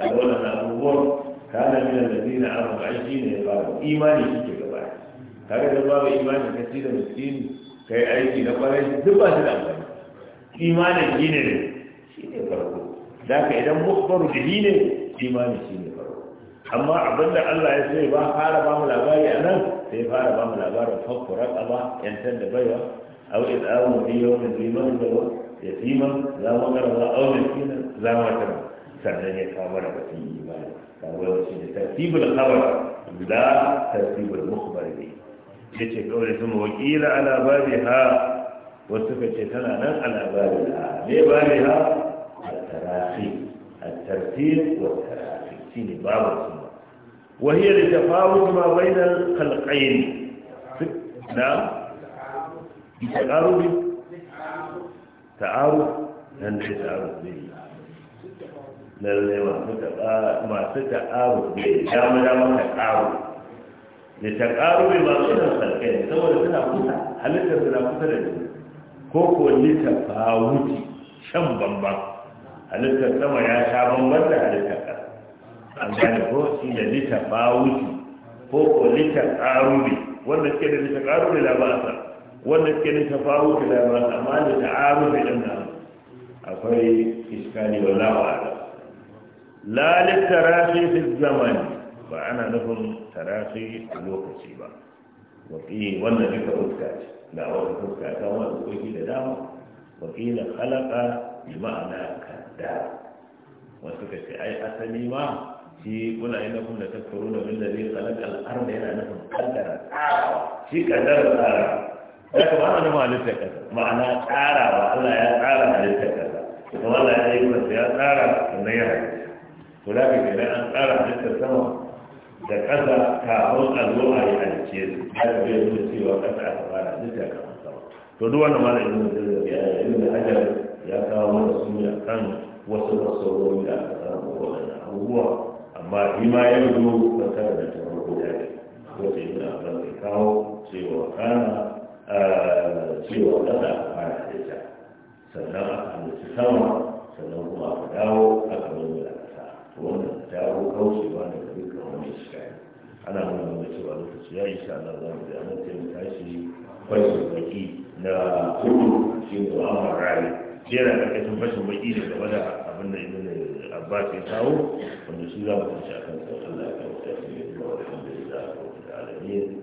kaga na abubuwan kana min alladina amanu ai shi ne ba imani shi ke gaba kaga da babu imani ka ci da miskini kai aiki na kwarai duk ba shi da amfani imanin shi ne shi ne farko da ka idan mukbaru da shi ne imani shi ne farko amma abinda Allah ya sai ba fara ba mu labari a nan sai fara ba mu labarin fakkura ƙaba yantar da baiwa au idawun biyo min liman da wa yatiman za mu garba au miskinan za mu garba sannan ya kawo mana wasi imani kawo da wasi da tartibul khabar la tartibul mukhbar ne yace kawai sun wakila ala babiha wasu ka ce tana nan ala babiha ne babiha at-tarahi at-tartib wa tarahi shine babu sunna wa hiya li tafawut ma bayna al-khalqayn na bi ta'aruf ta'aruf nan da ta'aruf ne lalle masu ta'aru ne dama dama ta ƙaru da ta ƙaru ne masu da sarkai saboda suna kusa halittar suna kusa da jini ko ko lita fawuti shan bambam halittar sama ya sha bambam da halittar ƙasa an gane ko shi da lita fawuti ko ko lita ƙaru ne wanda suke da lita ƙaru ne da ba sa wanda suke da tafawuti da ba sa amma da ta'aru ne ɗin akwai iskali wa lawa lalif tarafi fi zamani ba ana nufin tarafi a lokaci ba waƙi wannan duka fuska ce ga wata fuska ta wani ƙoƙi da dama waƙila halaka bi ma'ana kaddara wasu suka ce ai asali ma shi kuna yi nufin da tattaro da bin da zai halaka al'ar da yana nufin kaddara tsarawa shi kaddara tsarawa ya kama ana nufin halittar kasa. ma'ana tsarawa Allah ya tsara halittar kasa. kuma Allah ya yi masa ya tsara sannan ya halitta to da kai da an tsara duka sama da ƙasa kafin a zo a yi halicce su ya ga bai nuna cewa ƙasa aka fara halitta kafin sama to duk wannan malam ibn Jarir ya ibn Hajar ya kawo mana sunya kan wasu nasarori da aka samu wannan abubuwa amma shi ma ya zo tsakar da ta farko da ne ko sai ina Abbas ya kawo cewa kana cewa ƙasa a fara halitta sannan a halitta sama sannan kuma aka dawo aka nuna wanda dawo kaucewa daga dukkan wani iska ana nuna mana cewa lokaci ya isa na za mu da nan sai tashi fashin baki na hudu shi ne wa rari jera da kasan fashin baki ne game da abin da ibn abbas ya kawo wanda shi za mu tashi kan sautin da aka mutashi ne da wani da ya zaɓa da alamin